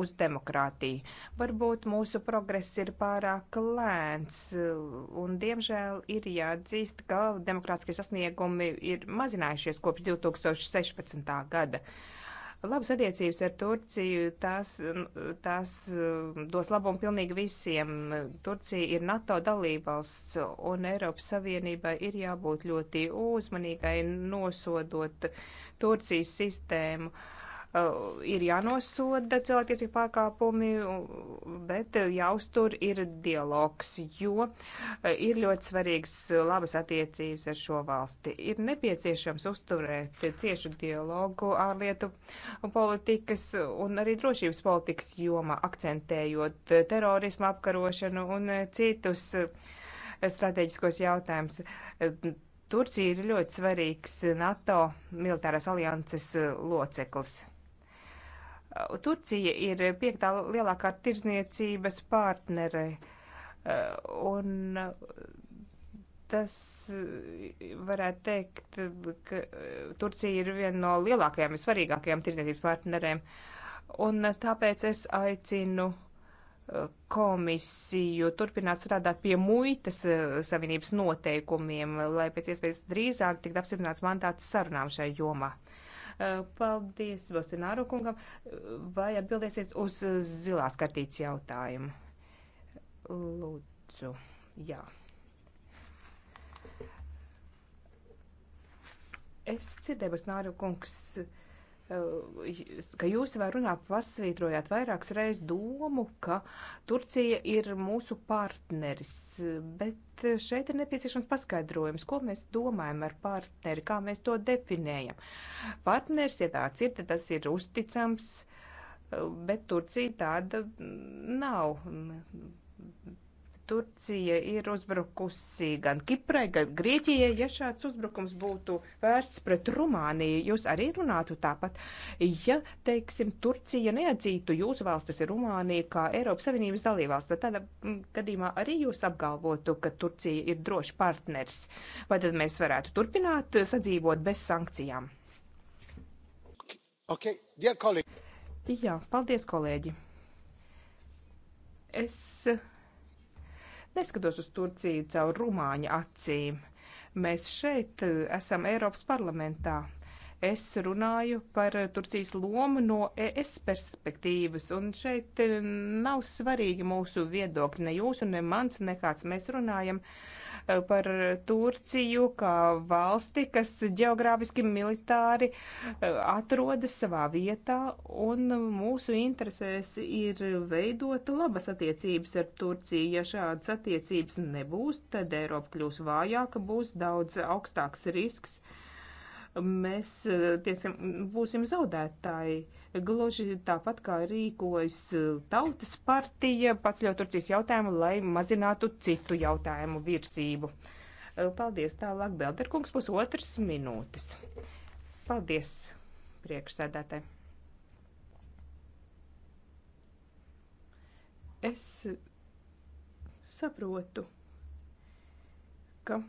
uz demokrātiju. Varbūt mūsu progress ir pārāk lēns, un diemžēl ir jāatzīst, ka demokrātiskie sasniegumi ir mazinājušies kopš 2016. gada. Labas attiecības ar Turciju, tās, tās um, dos labumu pilnīgi visiem. Turcija ir NATO dalībvalsts, un Eiropas Savienībai ir jābūt ļoti uzmanīgai, nosodot Turcijas sistēmu. Uh, Eh, ir jānosoda cilvēktiesību pārkāpumi, bet jāuztur ir dialogs, jo eh, ir ļoti svarīgs eh, labas attiecības ar šo valsti. Ir nepieciešams uzturēt ciešu dialogu ārlietu politikas un arī drošības politikas jomā, akcentējot terorismu apkarošanu un citus strateģiskos jautājumus. Turcija ir ļoti svarīgs NATO militārās alianses loceklis. Turcija ir piektā lielākā tirzniecības partnere. Eh, un tas eh, varētu teikt, ka eh, Turcija ir viena no lielākajām un svarīgākajām tirzniecības partnerēm. Un tāpēc es aicinu komisiju turpināt strādāt pie muitas savienības noteikumiem, lai pēc iespējas drīzāk tiktu apstiprināts mandāts sarunām šai jomā. Eh, paldies Valstināru kungam. Vai atbildēsiet uz zilās kartītes jautājumu? Lūdzu, jā. Es dzirdēju, Valstināru kungs. Uh, Eh, ka jūs savā runā pasvītrojāt vairākas reizes domu, ka Turcija ir mūsu partneris, bet šeit ir nepieciešams paskaidrojums, ko mēs domājam ar partneri, kā mēs to definējam. Partners, ja tāds ir, tad tas ir uzticams, eh, bet Turcija tāda mm, nav. Turcija ir uzbrukusi gan Kiprai, gan Grieķijai. Ja šāds uzbrukums būtu vērsts pret Rumāniju, jūs arī runātu tāpat. Ja, teiksim, Turcija neatzītu jūsu valstis Rumāniju kā Eiropas Savienības dalībvalsts, tad tādā mm, gadījumā arī jūs apgalvotu, ka Turcija ir drošs partners. Vai tad mēs varētu turpināt sadzīvot bez sankcijām? Okay, dear colleague. Jā, paldies, kolēģi. Es neskatos uz Turciju caur rumāņa acīm. Mēs šeit eh, esam Eiropas parlamentā. Es runāju par eh, Turcijas lomu no ES perspektīvas, un šeit eh, nav svarīgi mūsu viedokļi, ne jūsu, ne mans, ne kāds mēs runājam. Uh, par Turciju kā valsti, kas ģeogrāfiski militāri e, atrodas savā vietā, un mūsu interesēs ir veidot labas attiecības ar Turciju. Ja šādas attiecības nebūs, tad Eiropa kļūs vājāka, būs daudz augstāks risks mēs eh, tiesim, būsim zaudētāji. Gluži tāpat kā rīkojas eh, tautas partija, pats ļaut Turcijas jautājumu, lai mazinātu citu jautājumu virsību. Eh, paldies tālāk, Belderkungs, pusotras minūtes. Paldies, priekšsēdētāji. Es saprotu, ka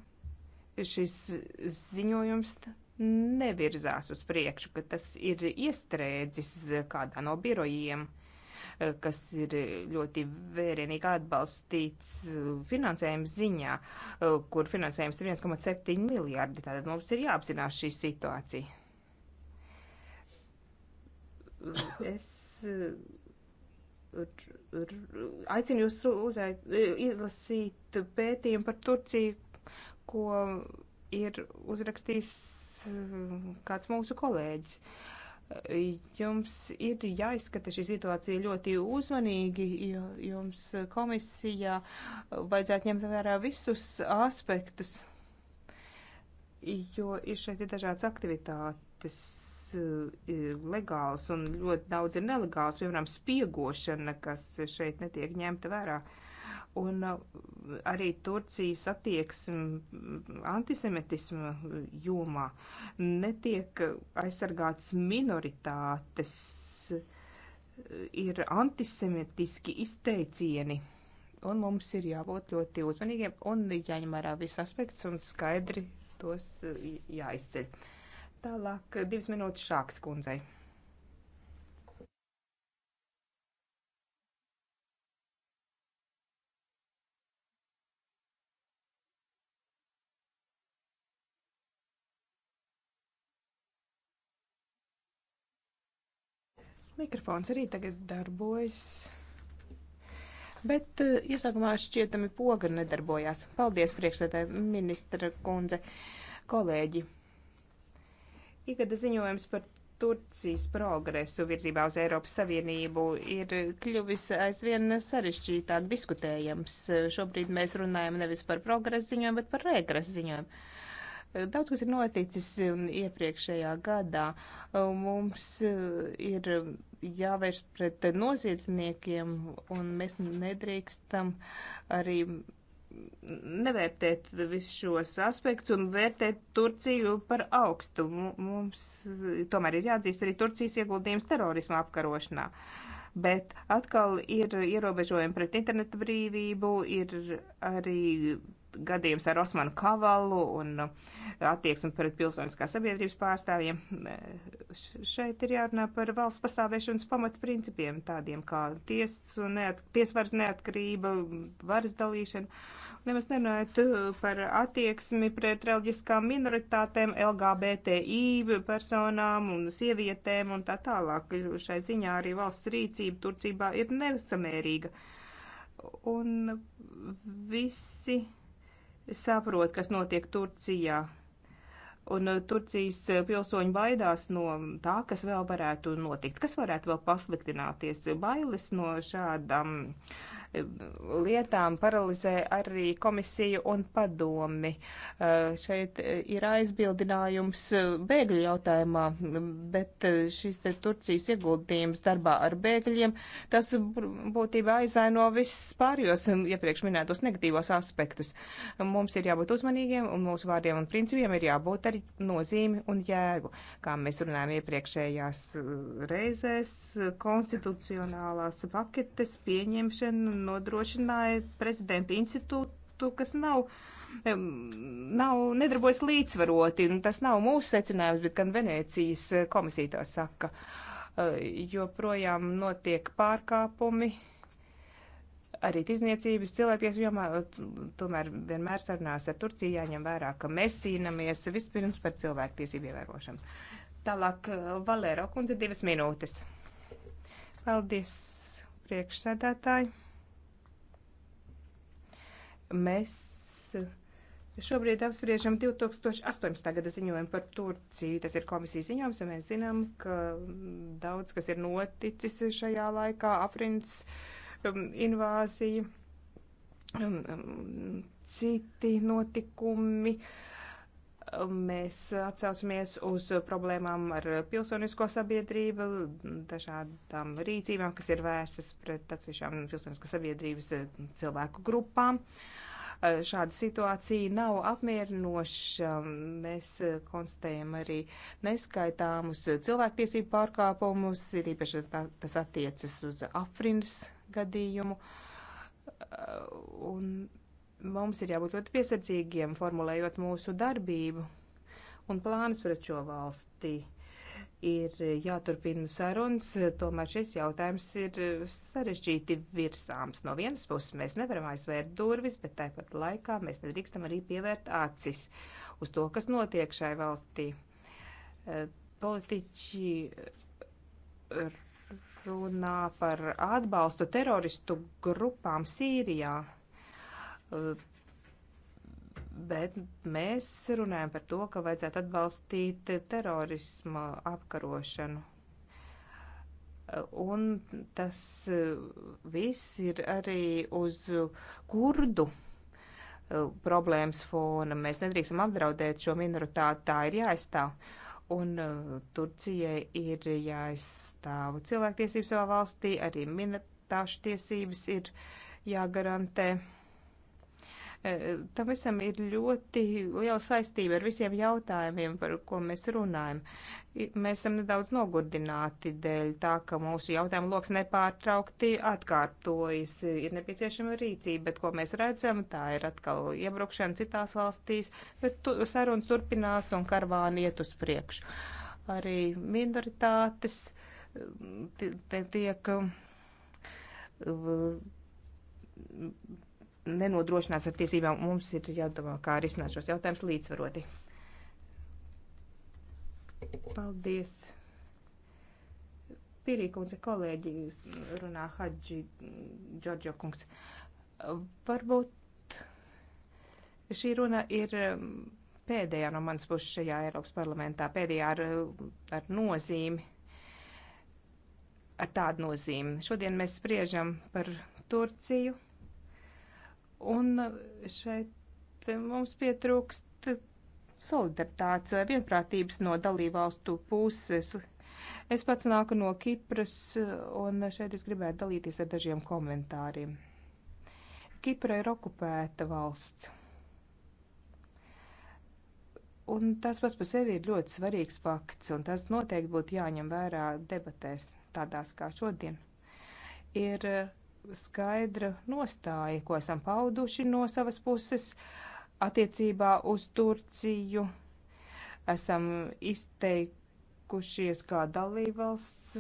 šis ziņojums nevirzās uz priekšu, ka tas ir iestrēdzis kādā no birojiem, kas ir ļoti vērienīgi atbalstīts finansējuma ziņā, kur finansējums ir 1,7 miljardi. Tātad mums ir jāapzinās šī situācija. Es aicinu jūs uzēt, izlasīt pētījumu par Turciju, ko ir uzrakstījis kāds mūsu kolēģis. Jums ir jāizskata šī situācija ļoti uzmanīgi, jo jums komisijā vajadzētu ņemt vērā visus aspektus, jo ir šeit ir dažādas aktivitātes ir legāls un ļoti daudz ir nelegāls, piemēram, spiegošana, kas šeit netiek ņemta vērā. Uh, Un uh, arī Turcijas attieksme mm, antisemitisma jomā netiek aizsargāts minoritātes, ir antisemitiski izteicieni. Un mums ir jābūt ļoti uzmanīgiem un jāņem vērā viss aspekts un skaidri tos uh, jāizceļ. Tālāk divas minūtes šāks kundzei. Mikrofons arī tagad darbojas. Bet eh, iesākumā šķietami poga nedarbojās. Paldies, priekšsēdē, ministra kundze, kolēģi. Ikada ziņojums par Turcijas progresu virzībā uz Eiropas Savienību ir kļuvis aizvien sarežģītāk diskutējams. Šobrīd mēs runājam nevis par progresu ziņojumu, bet par regresu ziņojumu. Daudz kas ir noticis um, iepriekšējā gadā. Um, mums uh, ir um, jāvērš pret noziedzniekiem, un mēs nedrīkstam arī nevērtēt visus šos aspektus un vērtēt Turciju par augstu. Mums uh, tomēr ir jāatzīst arī Turcijas ieguldījums terorisma apkarošanā. Bet atkal ir ierobežojumi pret interneta brīvību, ir arī gadījums ar Osmanu Kavalu un uh, attieksmi pret pilsoniskās sabiedrības pārstāvjiem. Šeit ir jārunā par valsts pastāvēšanas pamatprincipiem, tādiem kā tiesas neat, tiesvaras neatkarība, varas dalīšana. Nemaz nerunājot uh, par attieksmi pret reliģiskām minoritātēm, LGBTI personām un sievietēm un tā tālāk. Šai ziņā arī valsts rīcība Turcībā ir nesamērīga un visi saprot, kas notiek Turcijā. Un uh, Turcijas uh, pilsoņi baidās no tā, kas vēl varētu notikt, kas varētu vēl pasliktināties. Bailes no šādām lietām paralizē arī komisiju un padomi. Eh, šeit eh, ir aizbildinājums eh, bēgļu jautājumā, bet šis te Turcijas ieguldījums darbā ar bēgļiem, tas būtībā aizaino viss pārējos iepriekš minētos negatīvos aspektus. Mums ir jābūt uzmanīgiem un mūsu vārdiem un principiem ir jābūt arī nozīmi un jēgu. Kā mēs runājam iepriekšējās reizēs, konstitucionālās paketes pieņemšana jānodrošina prezidenta institūtu, kas nav, nav nedarbojas līdzvaroti. Un tas nav mūsu secinājums, bet gan Venēcijas komisija tā saka, eh, jo projām notiek pārkāpumi. Arī tirzniecības cilvēkties jomā tomēr vienmēr sarunās ar Turciju jāņem vērā, ka mēs cīnāmies vispirms par cilvēktiesību ievērošanu. Tālāk eh, Valēro kundze divas minūtes. Paldies, priekšsēdētāji. Mēs šobrīd apspriežam 2018. gada ziņojumu par Turciju. Tas ir komisijas ziņojums, un mēs zinām, ka daudz kas ir noticis šajā laikā. Afrins um, invāzija, um, um, citi notikumi. Mēs atsaucamies uz problēmām ar pilsonisko sabiedrību, dažādām rīcībām, kas ir vērstas pret atsevišķām pilsoniskās sabiedrības eh, cilvēku grupām. Uh, Eh, šāda situācija nav apmierinoša. Mēs eh, konstatējam arī neskaitāmus eh, cilvēktiesību pārkāpumus, ir īpaši tā, tas attiecas uz Afrinas gadījumu. Un mums ir jābūt ļoti piesardzīgiem, formulējot mūsu darbību un plānus pret šo valsti ir jāturpina sarunas, tomēr šis jautājums ir sarežģīti virsāms. No vienas puses mēs nevaram aizvērt durvis, bet tāpat laikā mēs nedrīkstam arī pievērt acis uz to, kas notiek šai valstī. Eh, politiķi runā par atbalstu teroristu grupām Sīrijā eh, Bet mēs runājam par to, ka vajadzētu atbalstīt terorisma apkarošanu. Un tas viss ir arī uz kurdu problēmas fona. Mēs nedrīkstam apdraudēt šo minoritāti, tā ir jāaizstāv. Un uh, Turcijai ir jāaizstāv cilvēktiesības savā valstī, arī minoritāšu tiesības ir jāgarantē. E, tam visam ir ļoti liela saistība ar visiem jautājumiem, par ko mēs runājam. Mēs esam nedaudz nogurdināti dēļ tā, ka mūsu jautājumu lokus nepārtraukti atkārtojas. Ir nepieciešama rīcība, bet ko mēs redzam, tā ir atkal iebrukšana citās valstīs, bet tu, sarunas turpinās un karvāni iet uz priekšu. Arī minoritātes e, tiek. T, t, tiek nenodrošinās ar tiesībām. Mums ir jādomā, kā risināt šos jautājumus līdzsvaroti. Paldies! Pirīkundze kolēģi runā Hadži Džordžo kungs. Varbūt šī runa ir um, pēdējā no manas puses šajā Eiropas parlamentā, pēdējā ar, ar nozīmi, ar tādu nozīmi. Šodien mēs spriežam par Turciju Un šeit mums pietrūkst solidaritātes vai vienprātības no dalībvalstu puses. Es pats nāku no Kipras, un šeit es gribētu dalīties ar dažiem komentāriem. Kipra ir okupēta valsts. Un tas pats par sevi ir ļoti svarīgs fakts, un tas noteikti būtu jāņem vērā debatēs, tādās kā šodien. Ir skaidra nostāja, ko esam pauduši no savas puses attiecībā uz Turciju. Esam izteikušies kā dalībvalsts.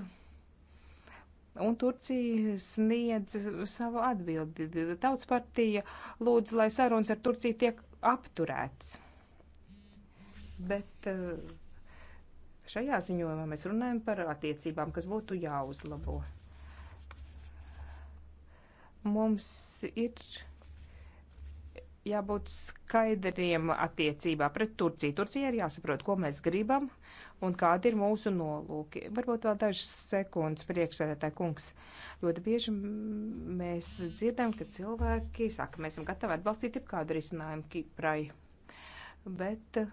Un Turcija sniedz savu atbildi. Tautas partija lūdz, lai sarunas ar Turciju tiek apturēts. Bet eh, šajā ziņojumā mēs runājam par attiecībām, kas būtu jāuzlabo mums ir jābūt skaidriem attiecībā pret Turciju. Turcija ir jāsaprot, ko mēs gribam un kādi ir mūsu nolūki. Varbūt vēl dažas sekundes priekšsēdētāji kungs. Ļoti bieži mēs dzirdam, ka cilvēki saka, mēs esam gatavi atbalstīt jebkādu risinājumu Kiprai. Bet eh,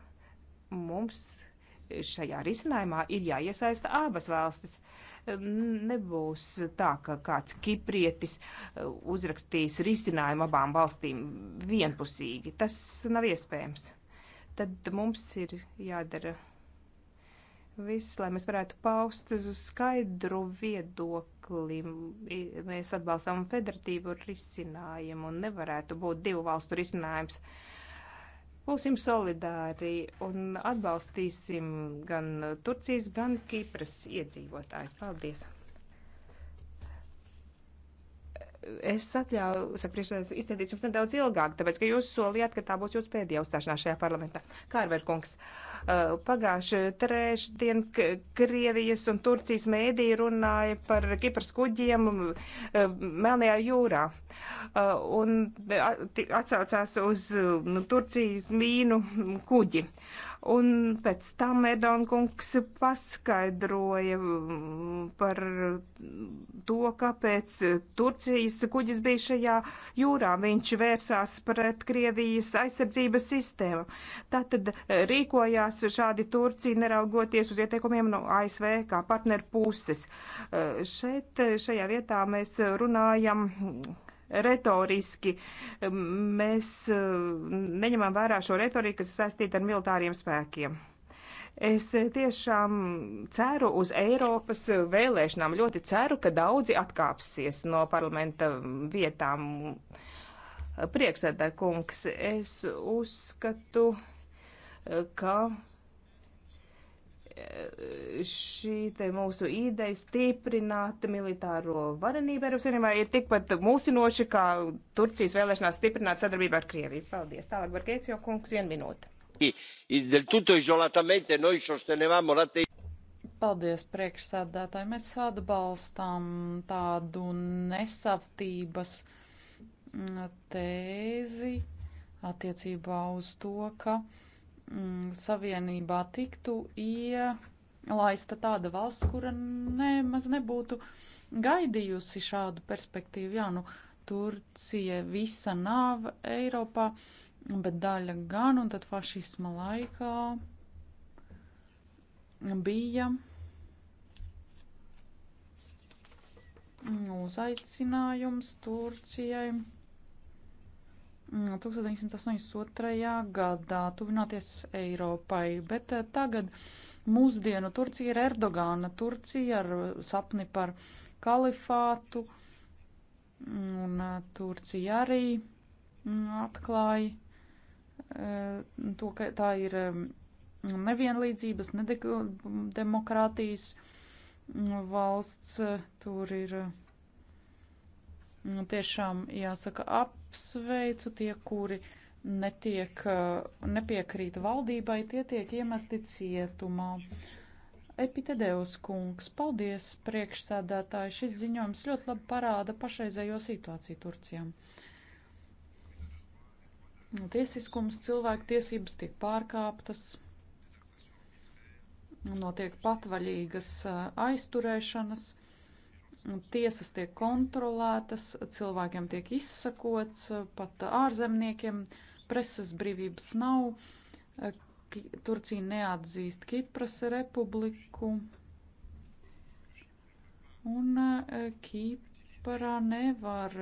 mums šajā risinājumā ir jāiesaista abas valstis. Uh, Nebūs tā, ka kāds kiprietis uh, uzrakstīs risinājumu abām valstīm vienpusīgi. Tas nav iespējams. Tad mums ir jādara viss, lai mēs varētu paust skaidru viedokli. Mēs atbalstām federatīvu risinājumu un nevarētu būt divu valstu risinājums. Uh, Būsim solidāri un atbalstīsim gan Turcijas, gan Kipras iedzīvotājus. Paldies! es atļauju, saka, priekšsēdētājs, izteikties jums nedaudz ilgāk, tāpēc, ka jūs solījāt, ka tā būs jūsu pēdējā uzstāšanās šajā parlamentā. Kārver kungs. Uh, Eh, pagājuši trešdien Krievijas un Turcijas mēdī runāja par Kipras kuģiem eh, Melnajā jūrā eh, un atsaucās uz nu, Turcijas mīnu kuģi. Un pēc tam Edona kungs paskaidroja mm, par to, kāpēc Turcijas kuģis bija šajā jūrā. Viņš vērsās pret Krievijas aizsardzības sistēmu. Tātad rīkojās rīkojās šādi Turcija, neraugoties uz ieteikumiem no ASV kā partneru puses. Eh, šeit, eh, šajā vietā mēs runājam retoriski. Mēs eh, neņemam vērā šo retoriku, kas saistīta ar militāriem spēkiem. Es tiešām ceru uz Eiropas vēlēšanām. Ļoti ceru, ka daudzi atkāpsies no parlamenta vietām. Priekšsēdē kungs, es uzskatu ka e, šī te mūsu ideja stiprināt militāro varenību Eiropas Savienībā ir tikpat mūsinoši, kā Turcijas vēlēšanās stiprināt sadarbību ar Krieviju. Paldies. Tālāk, Bargēcijo kungs, vien minūte. Paldies, priekšsēdētāji. Mēs atbalstām tādu nesaftības mm, tēzi attiecībā uz to, ka. Uh, Mm, savienībā tiktu ielaista tāda valsts, kura nemaz nebūtu gaidījusi šādu perspektīvu. Jā, nu, Turcija visa nav Eiropā, bet daļa gan, un tad fašisma laikā bija uzaicinājums Turcijai 1982. Mm, gadā tuvināties Eiropai, bet eh, tagad mūsdienu Turcija ir Erdogāna Turcija ar eh, sapni par kalifātu, un eh, Turcija arī mm, atklāja to, ka tā ir nevienlīdzības, nedemokrātijas mm, valsts, tur ir Nu, tiešām jāsaka apsveicu tie, kuri netiek, uh, nepiekrīt valdībai, tie tiek iemesti cietumā. Epitedeus kungs, paldies priekšsēdētāji, šis ziņojums ļoti labi parāda pašreizējo situāciju Turcijām. Tiesiskums, cilvēku tiesības tiek pārkāptas, notiek patvaļīgas uh, aizturēšanas tiesas tiek kontrolētas, cilvēkiem tiek izsakots, pat ārzemniekiem preses brīvības nav. Turcija neatzīst Kipras republiku. Un e, Kiprā nevar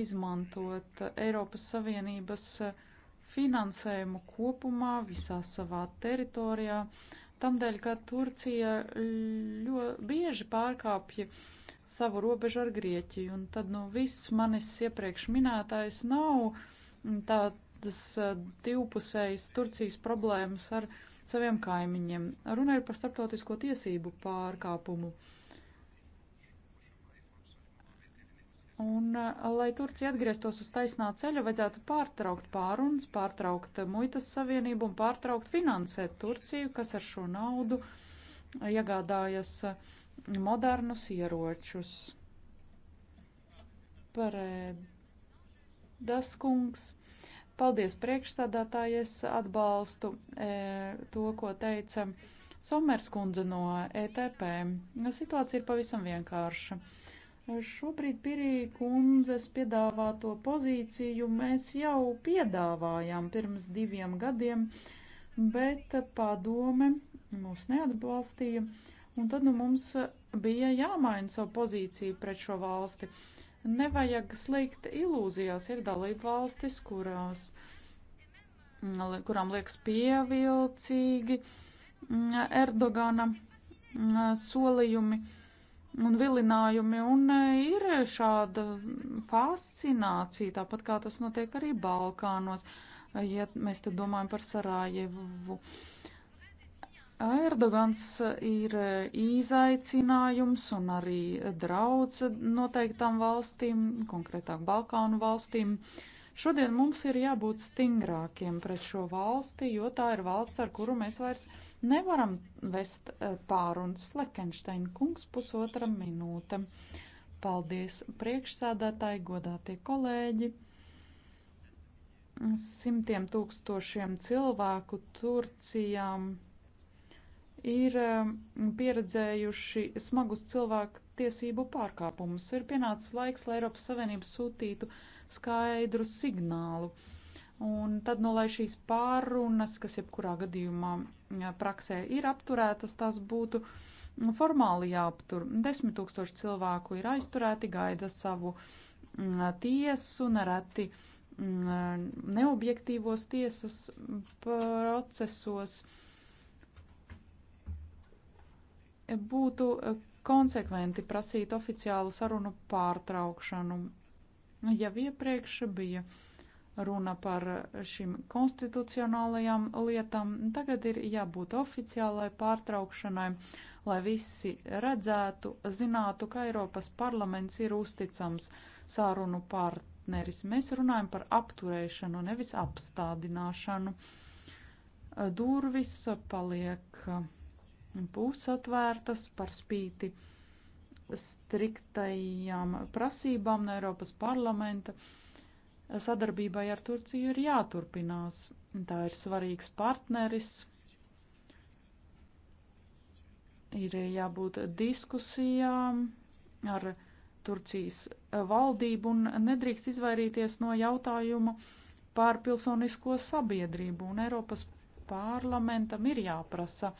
izmantot Eiropas Savienības e, finansējumu kopumā visā savā teritorijā. Uh, Tamdēļ, ka Turcija ļoti bieži pārkāpja savu robežu ar Grieķiju, un tad, nu, viss manis iepriekš minētais nav tādas eh, divpusējas Turcijas problēmas ar saviem kaimiņiem. Runa ir par starptautisko tiesību pārkāpumu. Uh, Un, lai Turcija atgrieztos uz taisnā ceļa, vajadzētu pārtraukt pārunas, pārtraukt muitas savienību un pārtraukt finansēt Turciju, kas ar šo naudu iegādājas modernus ieročus. Parēdas kungs. Paldies priekšsādātājies atbalstu e, to, ko teica Somers kundze no ETP. Situācija ir pavisam vienkārša. Šobrīd Pirī kundzes piedāvāto pozīciju mēs jau piedāvājām pirms diviem gadiem, bet padome mūs neatbalstīja, un tad nu mums bija jāmaina savu pozīciju pret šo valsti. Nevajag slīgt ilūzijās, ir dalība valstis, kurās, kurām liekas pievilcīgi mm, Erdogana mm, solījumi un vilinājumi, un e, ir šāda fascinācija, tāpat kā tas notiek arī Balkānos, e, ja mēs te domājam par Sarajevu. Erdogans ir e, izaicinājums un arī draudz noteiktām valstīm, konkrētāk Balkānu valstīm. Šodien mums ir jābūt stingrākiem pret šo valsti, jo tā ir valsts, ar kuru mēs vairs nevaram Nevaram vest e, pārunas Fleckensteina kungs pusotra minūte. Paldies priekšsēdētāji, godātie kolēģi. Simtiem tūkstošiem cilvēku Turcijām ir e, pieredzējuši smagus cilvēku tiesību pārkāpumus. Ir pienācis laiks, lai Eiropas Savienība sūtītu skaidru signālu Un tad, nu, lai šīs pārunas, kas jebkurā gadījumā praksē ir apturētas, tās būtu nu, formāli jāaptur. Desmit tūkstoši cilvēku ir aizturēti, gaida savu mm, tiesu, nereti mm, neobjektīvos tiesas procesos. Būtu eh, konsekventi prasīt oficiālu sarunu pārtraukšanu, jau iepriekš bija runa par šīm konstitucionālajām lietām. Tagad ir jābūt oficiālai pārtraukšanai, lai visi redzētu, zinātu, ka Eiropas parlaments ir uzticams sārunu partneris. Mēs runājam par apturēšanu, nevis apstādināšanu. Durvis paliek pusatvērtas par spīti striktajām prasībām no Eiropas parlamenta sadarbībai ar Turciju ir jāturpinās. Tā ir svarīgs partneris. Ir jābūt diskusijām ar Turcijas valdību un nedrīkst izvairīties no jautājuma par pilsonisko sabiedrību. Un Eiropas parlamentam ir jāprasa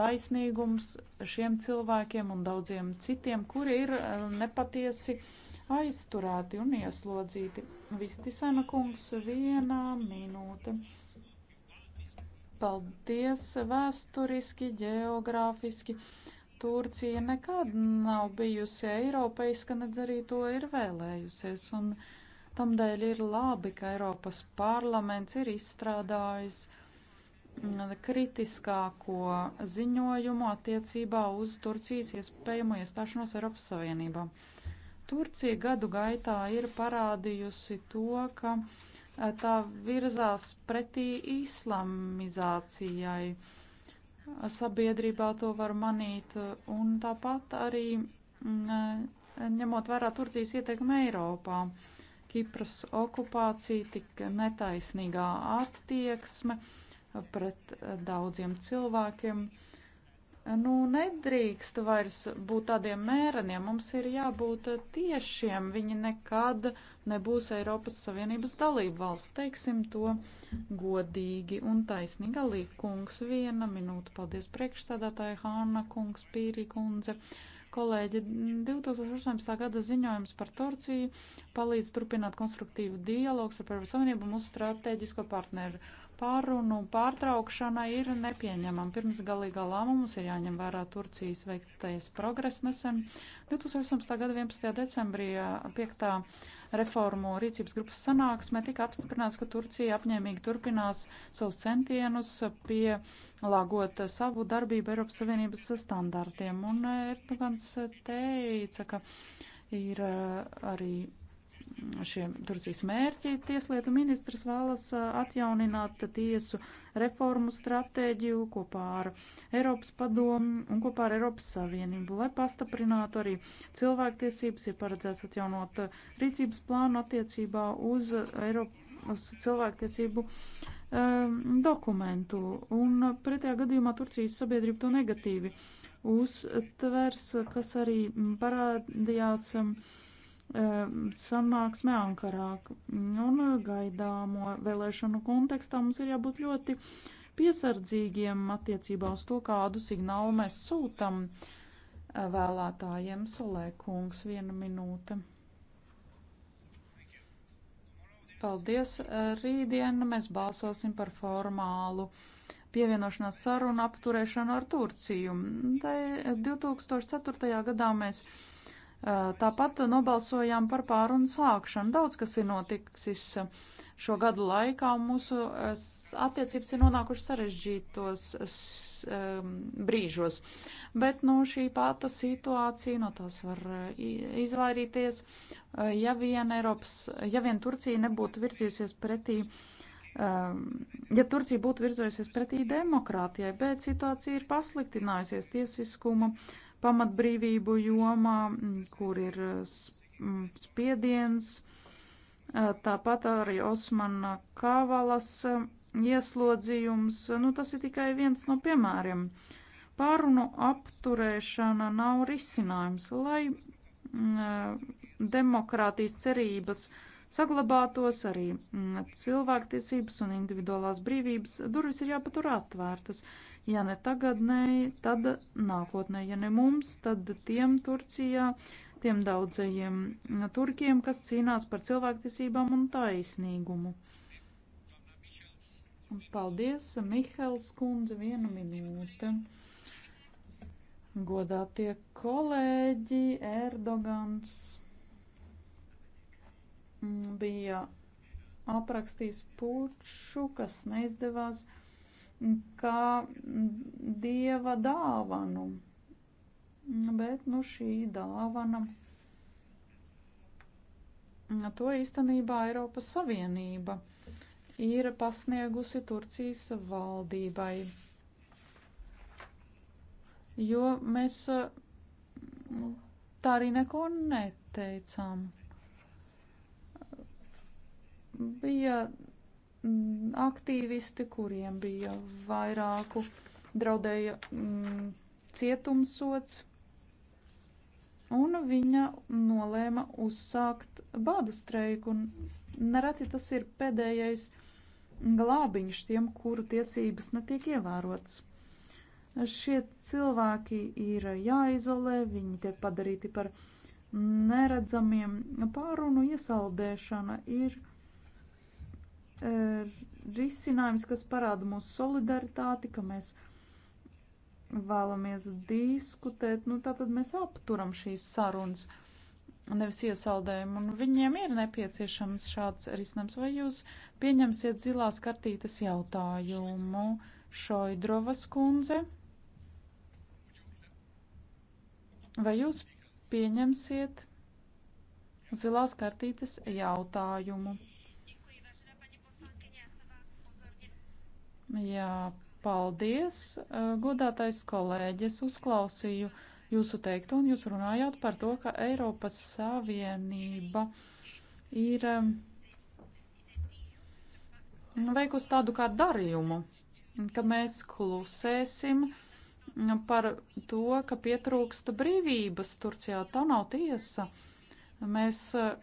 taisnīgums šiem cilvēkiem un daudziem citiem, kuri ir eh, nepatiesi uh, aizturēti un ieslodzīti. Vistisena kungs, viena minūte. Paldies vēsturiski, geogrāfiski. Turcija nekad nav bijusi eiropeiska, nedz arī to ir vēlējusies. Un tamdēļ ir labi, ka Eiropas parlaments ir izstrādājis kritiskāko ziņojumu attiecībā uz Turcijas iespējamo iestāšanos Eiropas Savienībā. Uh, Turcija gadu gaitā ir parādījusi to, ka eh, tā virzās pretī islamizācijai. Sabiedrībā to var manīt, un tāpat arī mm, eh, ņemot vērā Turcijas ietekmi Eiropā. Kipras okupācija tika netaisnīgā attieksme eh, pret daudziem cilvēkiem. Uh, nu, nedrīkst vairs būt tādiem mēreniem. Mums ir jābūt tiešiem. Viņi nekad nebūs Eiropas Savienības dalība valsts. Teiksim to godīgi un taisnīgi. Galī kungs viena minūte. Paldies priekšsēdētāji Hāna kungs, Pīrī kundze. Kolēģi, 2018. gada ziņojums par Turciju palīdz turpināt konstruktīvu dialogu ar Eiropas Savienību un mūsu strateģisko partneru Pārunu pārtraukšana ir nepieņemama. Pirms galīgā lēmuma mums ir jāņem vērā Turcijas veiktais progress nesen. 2018. gada 11. decembrī 5. reformu rīcības grupas sanāksmē tika apstiprināts, ka Turcija apņēmīgi turpinās savus centienus pie lāgot savu darbību Eiropas Savienības standartiem. Un Erdogans teica, ka ir arī šie Turcijas mērķi. Tieslietu ministrs vēlas atjaunināt tiesu reformu stratēģiju kopā ar Eiropas padomu un kopā ar Eiropas Savienību, lai pastaprinātu arī cilvēktiesības, ir paredzēts atjaunot rīcības plānu attiecībā uz, Eiropa, uz cilvēktiesību um, dokumentu. Un pretējā gadījumā Turcijas sabiedrība to negatīvi uztvers, kas arī parādījās. Um, sanāksmē Ankarā. Un eh, gaidāmo vēlēšanu kontekstā mums ir jābūt ļoti piesardzīgiem attiecībā uz to, kādu signālu mēs sūtam eh, vēlētājiem. Solē kungs, viena minūte. Paldies. Eh, rītdien mēs balsosim par formālu pievienošanās sarunu apturēšanu ar Turciju. Te 2004. gadā mēs Tāpat nobalsojām par pārunu sākšanu. Daudz kas ir noticis šo gadu laikā, un mūsu attiecības ir nonākušas sarežģītos brīžos. Bet no nu, šī pāta situācija, no tās var izvairīties, ja vien, Eiropas, ja vien Turcija nebūtu virzījusies pretī ja Turcija būtu virzojusies pretī demokrātijai, bet situācija ir pasliktinājusies tiesiskuma pamatbrīvību jomā, mm, kur ir eh, mm, spiediens. Eh, tāpat arī Osmana Kavalas eh, ieslodzījums, nu tas ir tikai viens no piemēriem. Pārunu apturēšana nav risinājums, lai mm, demokrātijas cerības saglabātos arī mm, cilvēktiesības un individuālās brīvības, durvis ir jāpatur atvērtas. Ja ne tagadnē, tad nākotnē. Ja ne mums, tad tiem Turcijā, tiem daudzajiem nu, turkiem, kas cīnās par cilvēktiesībām un taisnīgumu. Paldies, Mihels kundze, viena minūte. Godātie kolēģi, Erdogans bija aprakstījis puču, kas neizdevās kā mm, dieva dāvanu. Bet, nu, šī dāvana, mm, to īstenībā Eiropas Savienība ir pasniegusi Turcijas valdībai. Jo mēs mm, tā arī neko neteicām. Bija Mm, aktīvisti, kuriem bija vairāku draudēja mm, cietumsots, un viņa nolēma uzsākt bada streiku, un nereti tas ir pēdējais glābiņš tiem, kuru tiesības netiek ievērotas. Šie cilvēki ir jāizolē, viņi tiek padarīti par neredzamiem, pārunu iesaldēšana ir jāizolē E, risinājums, kas parāda mūsu solidaritāti, ka mēs vēlamies diskutēt, nu tā tad mēs apturam šīs sarunas, nevis iesaldējumu, un viņiem ir nepieciešams šāds risinājums. Vai jūs pieņemsiet zilās kartītes jautājumu Šoidrovas kundze? Vai jūs pieņemsiet zilās kartītes jautājumu? Jā, paldies, eh, godātais kolēģis, uzklausīju jūsu teikto un jūs runājāt par to, ka Eiropas Savienība ir eh, veikusi tādu kā darījumu, ka mēs klusēsim par to, ka pietrūksta brīvības Turcijā. Tā nav tiesa. Mēs eh,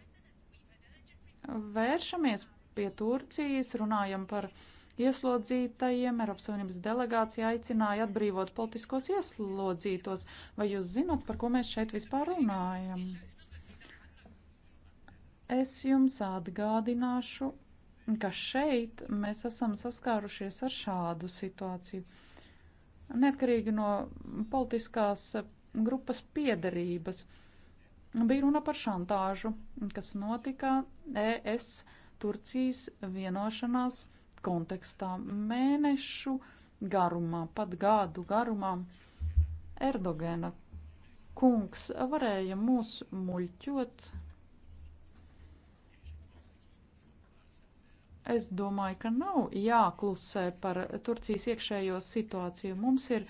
vēršamies pie Turcijas, runājam par ieslodzītajiem. Eiropas Savienības delegācija aicināja atbrīvot politiskos ieslodzītos. Vai jūs zinat, par ko mēs šeit vispār runājam? Es jums atgādināšu, ka šeit mēs esam saskārušies ar šādu situāciju. Neatkarīgi no politiskās grupas piedarības bija runa par šantāžu, kas notika ES Turcijas vienošanās kontekstā mēnešu garumā, pat gādu garumā Erdogana kungs varēja mūs muļķot. Es domāju, ka nav jāklusē par Turcijas iekšējo situāciju. Mums ir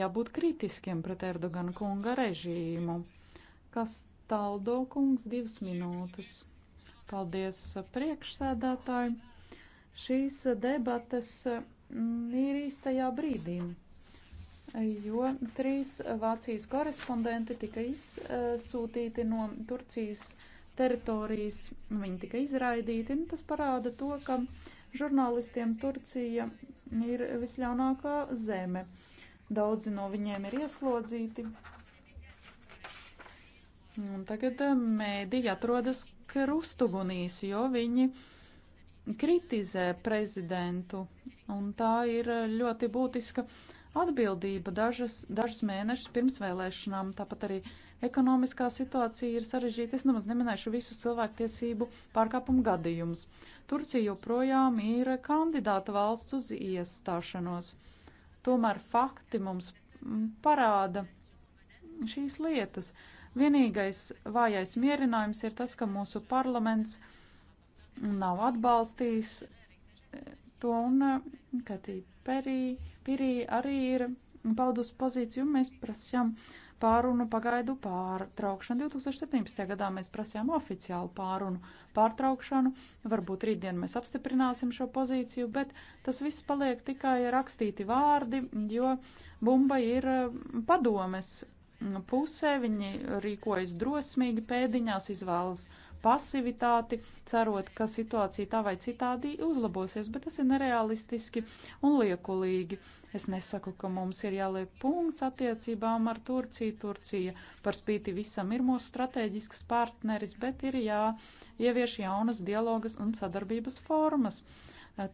jābūt kritiskiem pret Erdogana kunga režīmu. Kas taldo kungs divas minūtes? Paldies priekšsēdētāji! Šīs debates mm, ir īstajā brīdī, jo trīs Vācijas korespondenti tika izsūtīti no Turcijas teritorijas, viņi tika izraidīti, un tas parāda to, ka žurnālistiem Turcija ir visļaunākā zeme. Daudzi no viņiem ir ieslodzīti. Un tagad eh, mēdī atrodas krustugunīs, jo viņi uh, kritizē prezidentu, un tā ir ļoti būtiska atbildība dažas, dažas mēnešus pirms vēlēšanām. Tāpat arī ekonomiskā situācija ir sarežģīta. Es nemaz neminēšu visus cilvēktiesību pārkāpumu gadījumus. Turcija joprojām ir kandidāta valsts uz iestāšanos. Tomēr fakti mums parāda šīs lietas. Vienīgais vājais mierinājums ir tas, ka mūsu parlaments uh, nav atbalstījis to, un eh, Katī Perī, Pirī arī ir paudus pozīciju, un mēs prasījām pārunu pagaidu pārtraukšanu. 2017. gadā mēs prasījām oficiālu pārunu pārtraukšanu. Varbūt rītdien mēs apstiprināsim šo pozīciju, bet tas viss paliek tikai rakstīti vārdi, jo bumba ir eh, padomes pusē, viņi rīkojas drosmīgi pēdiņās, izvēlas pasivitāti, cerot, ka situācija tā vai citādi uzlabosies, bet tas ir nerealistiski un liekulīgi. Es nesaku, ka mums ir jāliek punkts attiecībām ar Turciju. Turcija par spīti visam ir mūsu strateģisks partneris, bet ir jāievieš jaunas dialogas un sadarbības formas.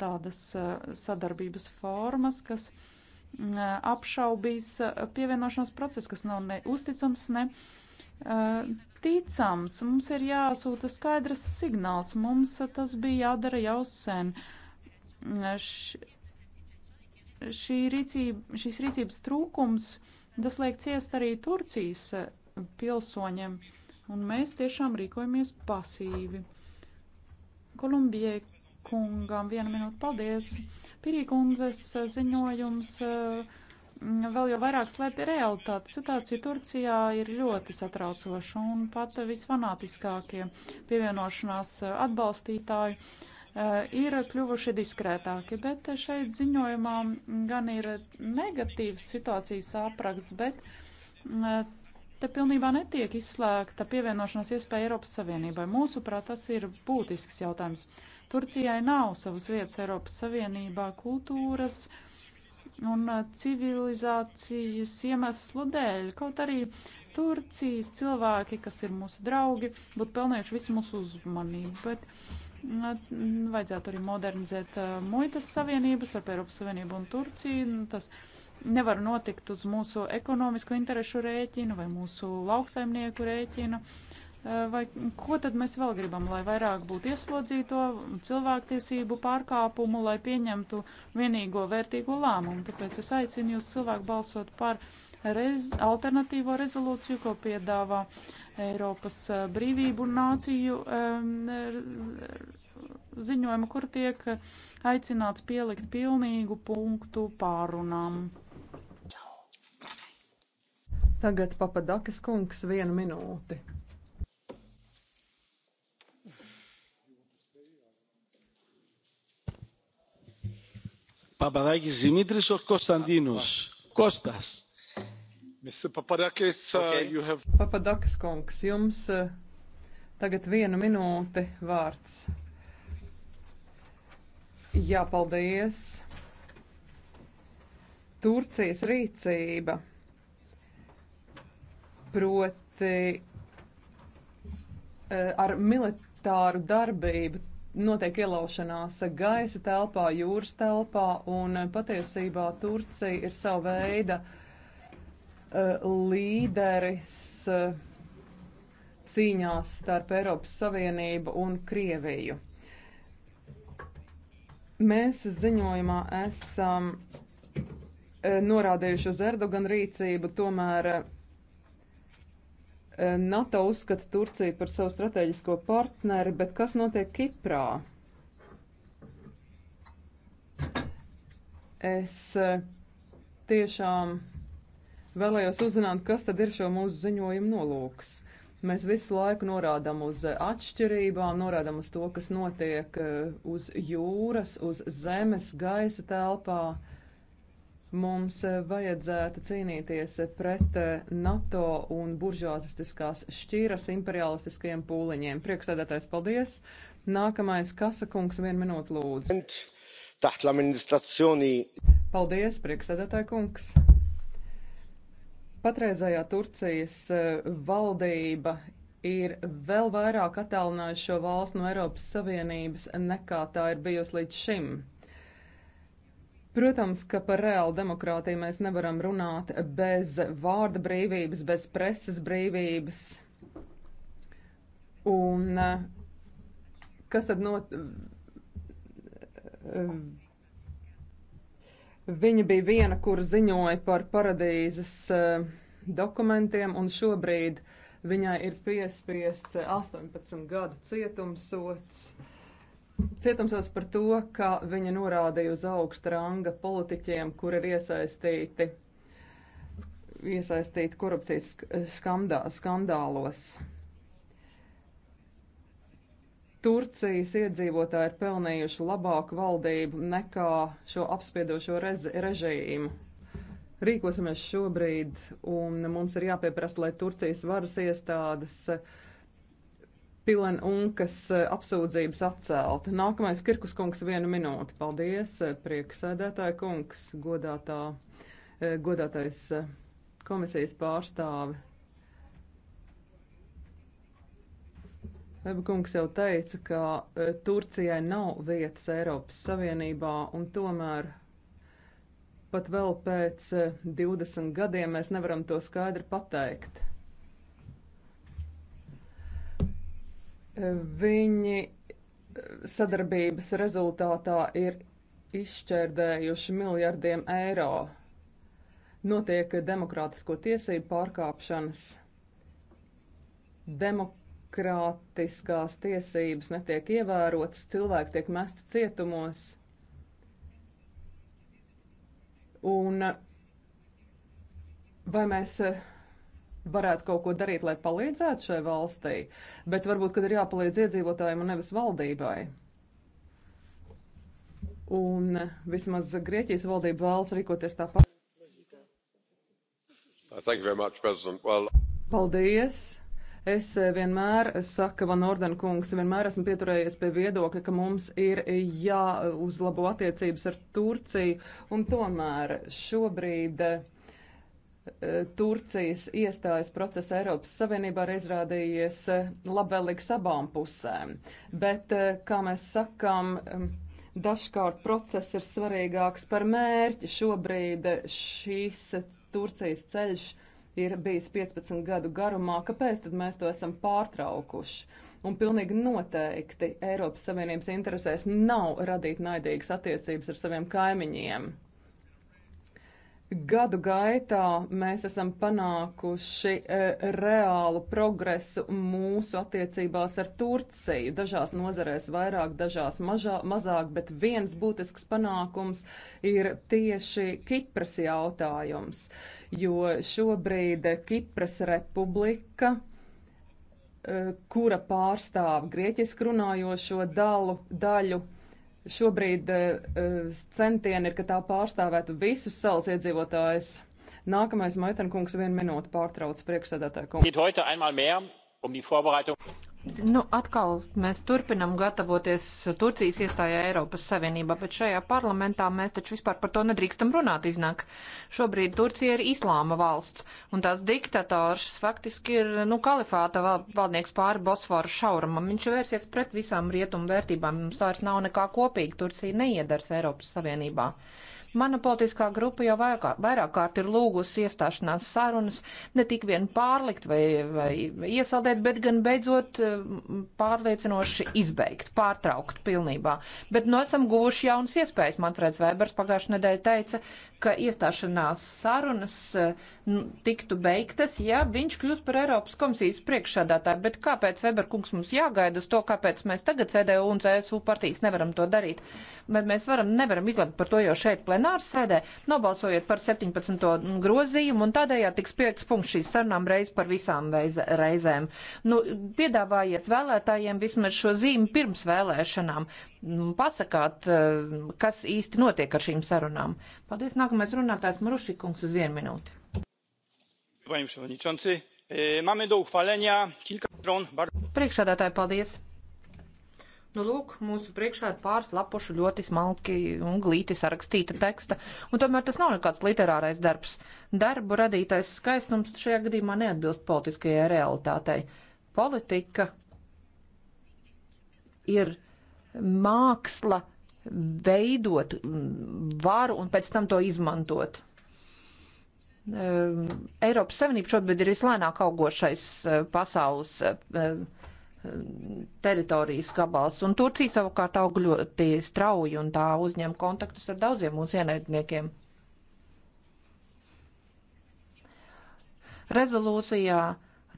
Tādas eh, sadarbības formas, kas eh, apšaubīs eh, pievienošanās procesu, kas nav ne uzticams, ne Eh, ticams. Mums ir jāsūta skaidrs signāls. Mums tas bija jādara jau sen. Eh, š, šī rīcība, šīs rīcības trūkums, tas liek ciest arī Turcijas eh, pilsoņiem, un mēs tiešām rīkojamies pasīvi. Kolumbijai kungām viena minūte paldies. Pirī kundzes ziņojums uh, vēl jau vairāk slēpj realitāti. Situācija Turcijā ir ļoti satraucoša un pat visfanātiskākie pievienošanās atbalstītāji eh, ir kļuvuši diskrētāki, bet šeit ziņojumā gan ir negatīvs situācijas apraksts, bet eh, te pilnībā netiek izslēgta pievienošanās iespēja Eiropas Savienībai. Mūsuprāt, tas ir būtisks jautājums. Turcijai nav savas vietas Eiropas Savienībā kultūras, uh, un uh, civilizācijas iemeslu dēļ. Kaut arī Turcijas cilvēki, kas ir mūsu draugi, būtu pelnījuši visu mūsu uzmanību. Bet uh, vajadzētu arī modernizēt uh, muitas savienības starp Eiropas Savienību un Turciju. Nu, tas nevar notikt uz mūsu ekonomisko interešu rēķina vai mūsu lauksaimnieku rēķina. Uh, Eh, vai ko tad mēs vēl gribam, lai vairāk būtu ieslodzīto cilvēktiesību pārkāpumu, lai pieņemtu vienīgo vērtīgo lēmumu? Tāpēc es aicinu jūs cilvēku balsot par rez alternatīvo rezolūciju, ko piedāvā Eiropas eh, brīvību un nāciju ziņojumu, kur tiek aicināts pielikt pilnīgu punktu pārunām. Tagad papadakis kungs vienu minūti. Papadakis Dimitris or Konstantinos? Kostas. Mr. Papadakis, uh, okay. you have... Papadakis kungs, jums uh, tagad viena minūte vārds. Jā, paldies. Turcijas rīcība, proti uh, ar militāru darbību notiek ielaušanās gaisa telpā, jūras telpā, un eh, patiesībā Turcija ir sava veida uh, eh, līderis uh, cīņās starp Eiropas Savienību un Krieviju. Mēs ziņojumā esam norādījuši uz Erdogan rīcību, tomēr Eh, NATO uzskata Turciju par savu strateģisko partneri, bet kas notiek Kiprā? Es eh, tiešām vēlējos uzzināt, kas tad ir šo mūsu ziņojumu nolūks. Mēs visu laiku norādām uz eh, atšķirībām, norādām uz to, kas notiek uz jūras, uz zemes, gaisa telpā. Mums eh, vajadzētu cīnīties eh, pret eh, NATO un buržuāzistiskās šķīras imperialistiskajiem pūliņiem. Prieksēdētais, paldies! Nākamais Kasakungs, vienu minūtu lūdzu. Paldies, prieksēdētāji kungs! Patreizējā Turcijas valdība ir vēl vairāk attālinājusi šo valstu no Eiropas Savienības nekā tā ir bijusi līdz šim. Protams, ka par reālu demokrātiju mēs nevaram runāt bez vārda brīvības, bez preses brīvības. Un eh, kas tad no. Eh, viņa bija viena, kur ziņoja par paradīzes eh, dokumentiem, un šobrīd viņai ir piespiests 18 gadu cietumsots. Cietumsots par to, ka viņa norādīja uz augsta ranga politiķiem, kur ir iesaistīti, iesaistīti korupcijas skandā, skandālos. Turcijas iedzīvotāji ir pelnījuši labāku valdību nekā šo apspiedošo režīmu. Rīkosimies šobrīd, un mums ir jāpieprasa, lai Turcijas varas iestādes uh, Pilena Unkas eh, apsūdzības atcelt. Nākamais Kirkus kungs vienu minūti. Paldies, eh, prieksēdētāja kungs, godātā, eh, godātais komisijas pārstāve. Leba kungs jau teica, ka Turcijai nav vietas Eiropas Savienībā, un tomēr pat vēl pēc 20 gadiem mēs nevaram to skaidri pateikt. Viņi eh, sadarbības rezultātā ir izšķērdējuši miljardiem eiro. Notiek demokrātisko tiesību pārkāpšanas. Demokrātiskās tiesības netiek ievērotas, cilvēki tiek mesti cietumos. Un eh, vai mēs eh, varētu kaut ko darīt, lai palīdzētu šai valstī, bet varbūt, kad ir jāpalīdz iedzīvotājiem un nevis valdībai. Un vismaz Grieķijas valdība vēlas rīkoties tāpat. Uh, much, President. well... Paldies! Es vienmēr, saka Van Orden kungs, vienmēr esmu pieturējies pie viedokļa, ka mums ir jāuzlabo attiecības ar Turciju, un tomēr šobrīd Turcijas iestājas procesa Eiropas Savienībā ir izrādījies eh, labvēlīgs abām pusēm. Bet, eh, kā mēs sakam, dažkārt process ir svarīgāks par mērķi. Šobrīd eh, šīs Turcijas ceļš ir bijis 15 gadu garumā. Kāpēc tad mēs to esam pārtraukuši? Un pilnīgi noteikti Eiropas Savienības interesēs nav radīt naidīgas attiecības ar saviem kaimiņiem. Gadu gaitā mēs esam panākuši e, reālu progresu mūsu attiecībās ar Turciju. Dažās nozarēs vairāk, dažās mažā, mazāk, bet viens būtisks panākums ir tieši Kipras jautājums, jo šobrīd Kipras republika e, kura pārstāv grieķisku runājošo dalu, daļu, Šobrīd eh, centieni ir, ka tā pārstāvētu visus salas iedzīvotājus. Nākamais Maitankungs vienu minūtu pārtrauc priekšsēdētāju kungu. Nu, atkal mēs turpinam gatavoties Turcijas iestājā Eiropas Savienībā, bet šajā parlamentā mēs taču vispār par to nedrīkstam runāt, iznāk. Šobrīd Turcija ir islāma valsts, un tās diktators faktiski ir, nu, kalifāta valdnieks pāri Bosforu šauramam. Viņš vērsies pret visām rietumu vērtībām, mums vairs nav nekā kopīga, Turcija neiedars Eiropas Savienībā. Uh, Mana politiskā grupa jau vairāk, vairāk kārt ir lūgusi iestāšanās sarunas ne tik vien pārlikt vai, vai iesaldēt, bet gan beidzot pārliecinoši izbeigt, pārtraukt pilnībā. Bet no nu esam guvuši jaunas iespējas. Manfreds Vēbers pagājušajā nedēļā teica, ka iestāšanās sarunas nu, tiktu beigtas, ja viņš kļūs par Eiropas komisijas priekšsādātāju. Bet kāpēc Vēberkungs mums jāgaida uz to, kāpēc mēs tagad CDU un CSU partijas nevaram to darīt? Bet mēs varam, nevaram izlemt par to jau šeit plenā plenāru sēdē, nobalsojiet par 17. grozījumu un tādējādi tiks piekts punkts šīs sarunām reiz par visām veiz, reizēm. Nu, piedāvājiet vēlētājiem vismaz šo zīmi pirms vēlēšanām. Mm, pasakāt, eh, kas īsti notiek ar šīm sarunām. Paldies, nākamais runātājs Marušikungs uz vienu minūti. Panie przewodniczący, e, mamy do uchwalenia kilka stron bardzo. Priekšādātāji, paldies! Nu, lūk, mūsu priekšā ir pāris lapušu ļoti smalki un glīti sarakstīta teksta, un tomēr tas nav nekāds literārais darbs. Darbu radītais skaistums šajā gadījumā neatbilst politiskajai realitātei. Politika ir māksla veidot varu un pēc tam to izmantot. Ehm, Eiropas Savienība šobrīd ir vislēnāk augošais eh, pasaules eh, teritorijas gabals. Un Turcija savukārt aug ļoti strauji un tā uzņem kontaktus ar daudziem mūsu ienaidniekiem. Rezolūcijā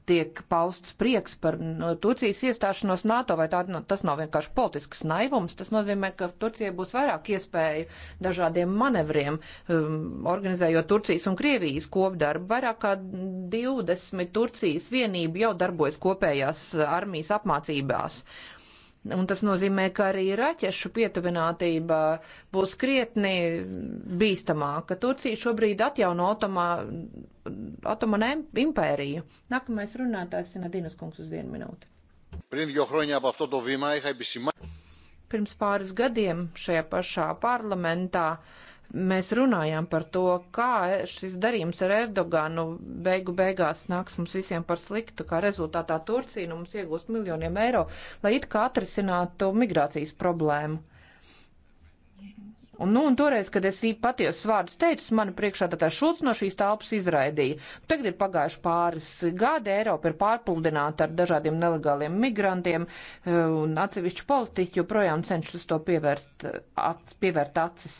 tiek pausts prieks par no, Turcijas iestāšanos NATO, vai tā, no, nu, tas nav vienkārši politisks naivums. Tas nozīmē, ka Turcija būs vairāk iespēju dažādiem manevriem, um, organizējot Turcijas un Krievijas kopdarbu. Vairāk kā 20 Turcijas vienību jau darbojas kopējās armijas apmācībās. Uh, Un tas nozīmē, ka arī raķešu pietuvinātība būs krietni bīstamāka. Turcija šobrīd atjauno atomā, atomā impēriju. Nākamais runātājs ir Nadinas kungs uz vienu minūti. Pirms pāris gadiem šajā pašā parlamentā uh, mēs runājām par to, kā šis darījums ar Erdoganu beigu beigās nāks mums visiem par sliktu, kā rezultātā Turcija nu mums iegūst miljoniem eiro, lai it kā atrisinātu migrācijas problēmu. Un, nu, un toreiz, kad es patiesus vārdus teicu, mani priekšā tā šulc no šīs telpas izraidīja. Tagad ir pagājuši pāris gadi, Eiropa ir pārpludināta ar dažādiem nelegāliem migrantiem, eh, un atsevišķi politiķi joprojām cenšas to pievērst, ats, pievērt acis.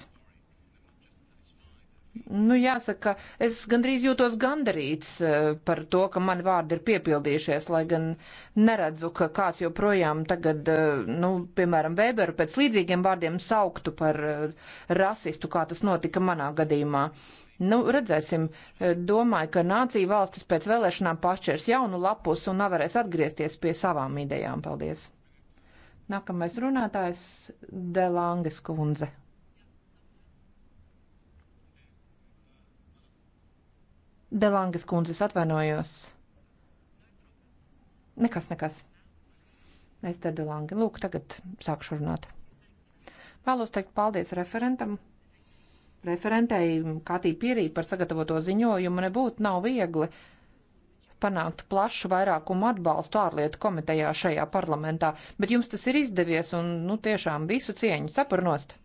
Nu, jāsaka, es gandrīz jūtos gandarīts eh, par to, ka mani vārdi ir piepildījušies, lai gan neredzu, ka kāds joprojām tagad, eh, nu, piemēram, Weberu pēc līdzīgiem vārdiem sauktu par eh, rasistu, kā tas notika manā gadījumā. Nu, redzēsim, domāju, ka nācija valstis pēc vēlēšanām pašķers jaunu lapus un nevarēs atgriezties pie savām idejām. Paldies! Nākamais runātājs Delanges kundze. Delangas kundzes atvainojos. Nekas, nekas. Es te Delangi. Lūk, tagad sākšu runāt. Vēlos teikt paldies referentam. Referentei Katī Pirī par sagatavoto ziņojumu nebūtu nav viegli panākt plašu vairākumu atbalstu ārlietu komitejā šajā parlamentā, bet jums tas ir izdevies un, nu, tiešām visu cieņu saparnost.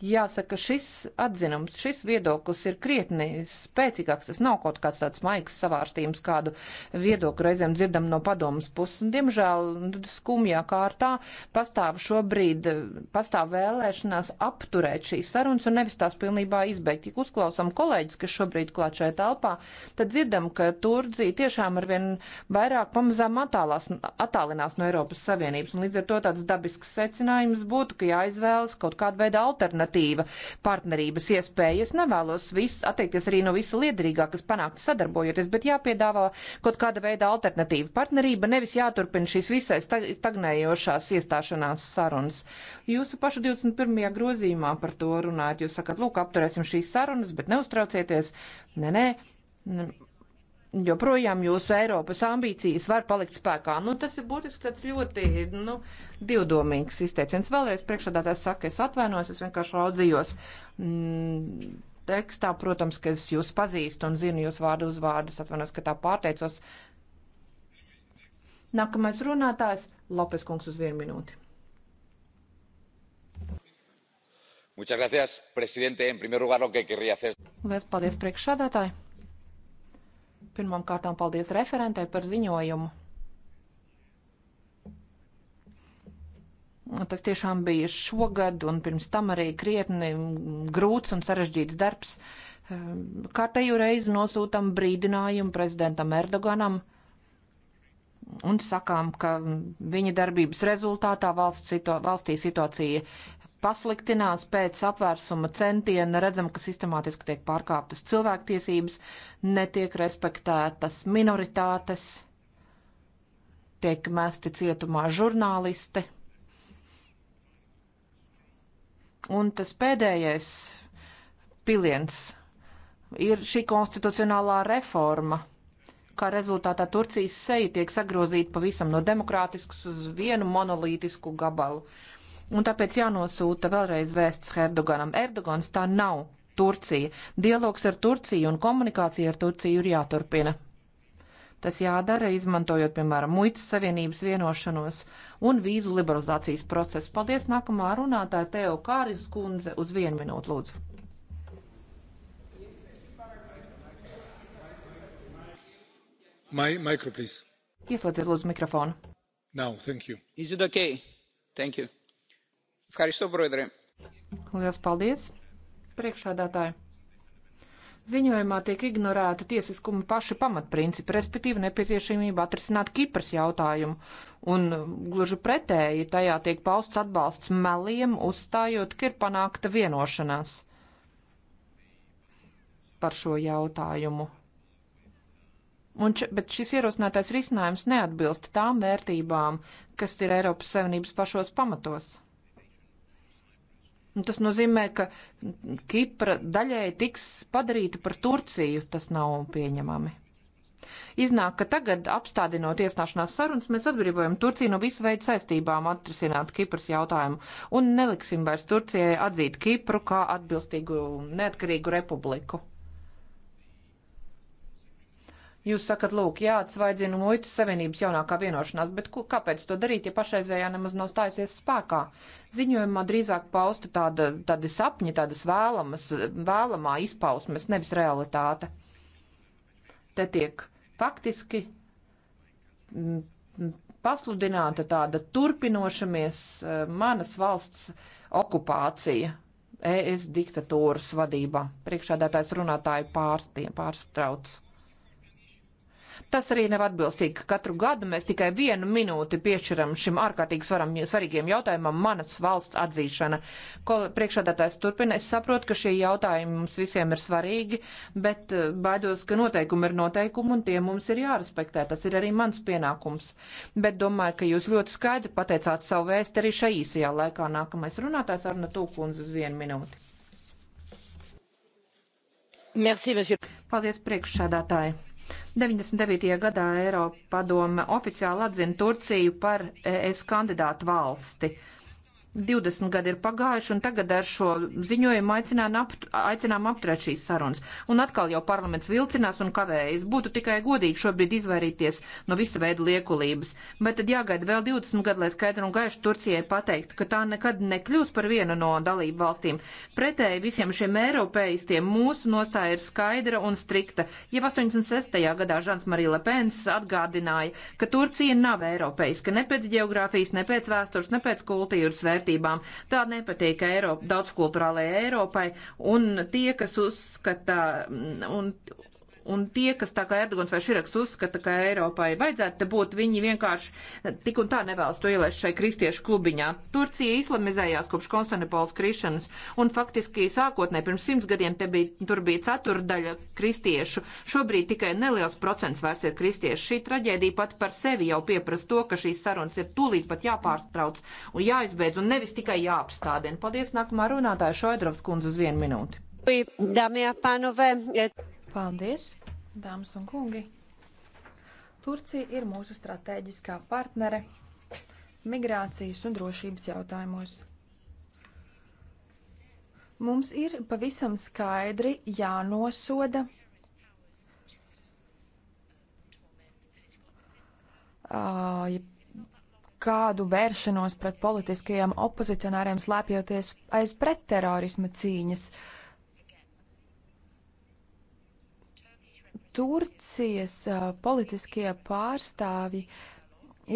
Jāsaka, šis atzinums, šis viedoklis ir krietni spēcīgāks. Tas nav kaut kāds tāds maigs savārstījums, kādu viedokli reizēm dzirdam no padomas puses. Un, diemžēl skumjā kārtā pastāv šobrīd, pastāv vēlēšanās apturēt šīs sarunas un nevis tās pilnībā izbeigt. Ja uzklausam kolēģis, kas šobrīd klāt šajā telpā, tad dzirdam, ka Turcija tiešām arvien vairāk pamazām attālās, attālinās no Eiropas Savienības. Un līdz ar to tāds dabisks secinājums būtu, ka jāizvēlas kaut kāda veida alternatīva alternatīva partnerības iespēja. Es nevēlos visu, atteikties arī no visa liederīgā, kas panākt sadarbojoties, bet jāpiedāvā kaut kāda veida alternatīva partnerība, nevis jāturpina šīs visai stagnējošās iestāšanās sarunas. Jūsu pašu 21. grozījumā par to runājat, jūs sakat, lūk, apturēsim šīs sarunas, bet neuztraucieties. Nē, nē joprojām jūsu Eiropas ambīcijas var palikt spēkā. Nu, tas ir būtiski tāds ļoti nu, divdomīgs izteiciens. Vēlreiz priekšādātājs saka, es atvainojos, es vienkārši raudzījos. Mm, tekstā, protams, ka es jūs pazīstu un zinu jūs vārdu uz vārdu, es atvainojos, ka tā pārteicos. Nākamais runātājs - Lopes kungs uz vienu minūti. Muchas gracias, presidente. En primer lugar, lo que querría hacer. Lielas paldies, priekšsādātāji. Pirmām kārtām paldies referentē par ziņojumu. Tas tiešām bija šogad un pirms tam arī krietni grūts un sarežģīts darbs. Kārtēju reizi nosūtam brīdinājumu prezidentam Erdoganam un sakām, ka viņa darbības rezultātā valsts situ valstī situācija pasliktinās pēc apvērsuma centiena. Redzam, ka sistemātiski tiek pārkāptas cilvēktiesības, netiek respektētas minoritātes, tiek mesti cietumā žurnālisti. Un tas pēdējais piliens ir šī konstitucionālā reforma, kā rezultātā Turcijas seja tiek sagrozīta pavisam no demokrātiskas uz vienu monolītisku gabalu un tāpēc jānosūta vēlreiz vēsts Erdoganam. Erdogans tā nav Turcija. Dialogs ar Turciju un komunikācija ar Turciju ir jāturpina. Tas jādara, izmantojot, piemēram, muitas savienības vienošanos un vīzu liberalizācijas procesu. Paldies, nākamā runātāja Teo Kāris kundze, uz vienu minūtu lūdzu. My, micro, please. Ieslēdziet lūdzu mikrofonu. Now, thank you. Is it okay? Thank you. Lielas paldies, priekšādātāji! Ziņojumā tiek ignorēta tiesiskuma paša pamatprincipa, respektīvi nepieciešamība atrisināt Kipras jautājumu. Un um, gluži pretēji tajā tiek pausts atbalsts meliem, uzstājot, ka ir panākta vienošanās par šo jautājumu. Un, bet šis ierosinātais risinājums neatbilst tām vērtībām, kas ir Eiropas Savienības pašos pamatos. Tas nozīmē, ka Kipra daļai tiks padarīta par Turciju. Tas nav pieņemami. Iznāk, ka tagad, apstādinot iestāšanās sarunas, mēs atbrīvojam Turciju no visu veidu saistībām atrisināt Kipras jautājumu un neliksim vairs Turcijai atzīt Kipru kā atbilstīgu neatkarīgu republiku. Jūs sakat, lūk, jāatsvaidzina muitas savienības jaunākā vienošanās, bet ko, kāpēc to darīt, ja pašreizējā nemaz nav stājusies spēkā? Ziņojumā drīzāk pausta tāda, tādi sapņi, tādas vēlamas, vēlamā izpausmes, nevis realitāte. Te tiek faktiski mm, mm, pasludināta tāda turpinošamies e, manas valsts okupācija ES diktatūras vadībā. Priekšādātājs runātāju pārstiem, pārstrauc. Tas arī nav atbilstīgi, ka katru gadu mēs tikai vienu minūti piešķiram šim ārkārtīgi svaram, svarīgiem jautājumam manas valsts atzīšana. Kol priekšādātājs turpina, es saprotu, ka šie jautājumi mums visiem ir svarīgi, bet eh, baidos, ka noteikumi ir noteikumi un tie mums ir jārespektē. Tas ir arī mans pienākums. Bet domāju, ka jūs ļoti skaidri pateicāt savu vēstu arī šai īsajā laikā. Nākamais runātājs Arna Tūkundze uz vienu minūti. Merci, monsieur. Paldies, priekšsādātāji. 99. gadā Eiropa padome oficiāli atzina Turciju par ES kandidātu valsti 20 gadi ir pagājuši, un tagad ar šo ziņojumu aicinām, apt, aicinām apturēt šīs sarunas. Un atkal jau parlaments vilcinās un kavējas. Būtu tikai godīgi šobrīd izvairīties no visa veida liekulības. Bet tad jāgaida vēl 20 gadi, lai skaidri un gaiši Turcijai pateikt, ka tā nekad nekļūs par vienu no dalību valstīm. Pretēji visiem šiem eiropeistiem mūsu nostāja ir skaidra un strikta. Jau 86. gadā Žans Marija Lepens atgādināja, ka Turcija nav eiropeiska ne pēc geogrāfijas, ne pēc vēstures, ne pēc kultūras vērtības vērtībām. Tā nepatīk Eiropa, daudzkulturālajai Eiropai, un tie, kas uzskata, mm, un, Un tie, kas tā kā Erdogans vai Širaks uzskata, ka Eiropai vajadzētu būt, viņi vienkārši tik un tā nevēlas to ielaist šai kristiešu klubiņā. Turcija islamizējās kopš Konstantinopols krišanas, un faktiski sākotnē pirms simts gadiem te bija, tur bija ceturdaļa kristiešu. Šobrīd tikai neliels procents vairs ir kristieši. Šī traģēdija pat par sevi jau pieprasa to, ka šīs sarunas ir tūlīt pat jāpārstrauc un jāizbeidz, un nevis tikai jāapstādina. Paldies, nākamā runātāja Šoidrovs kundze uz vienu minūti. Dámy a pánové, Paldies, dāmas un kungi! Turcija ir mūsu strateģiskā partnere migrācijas un drošības jautājumos. Mums ir pavisam skaidri jānosoda uh, kādu vēršanos pret politiskajiem opozicionāriem slēpjoties aiz pretterorisma cīņas. Uh, Turcijas politiskie pārstāvji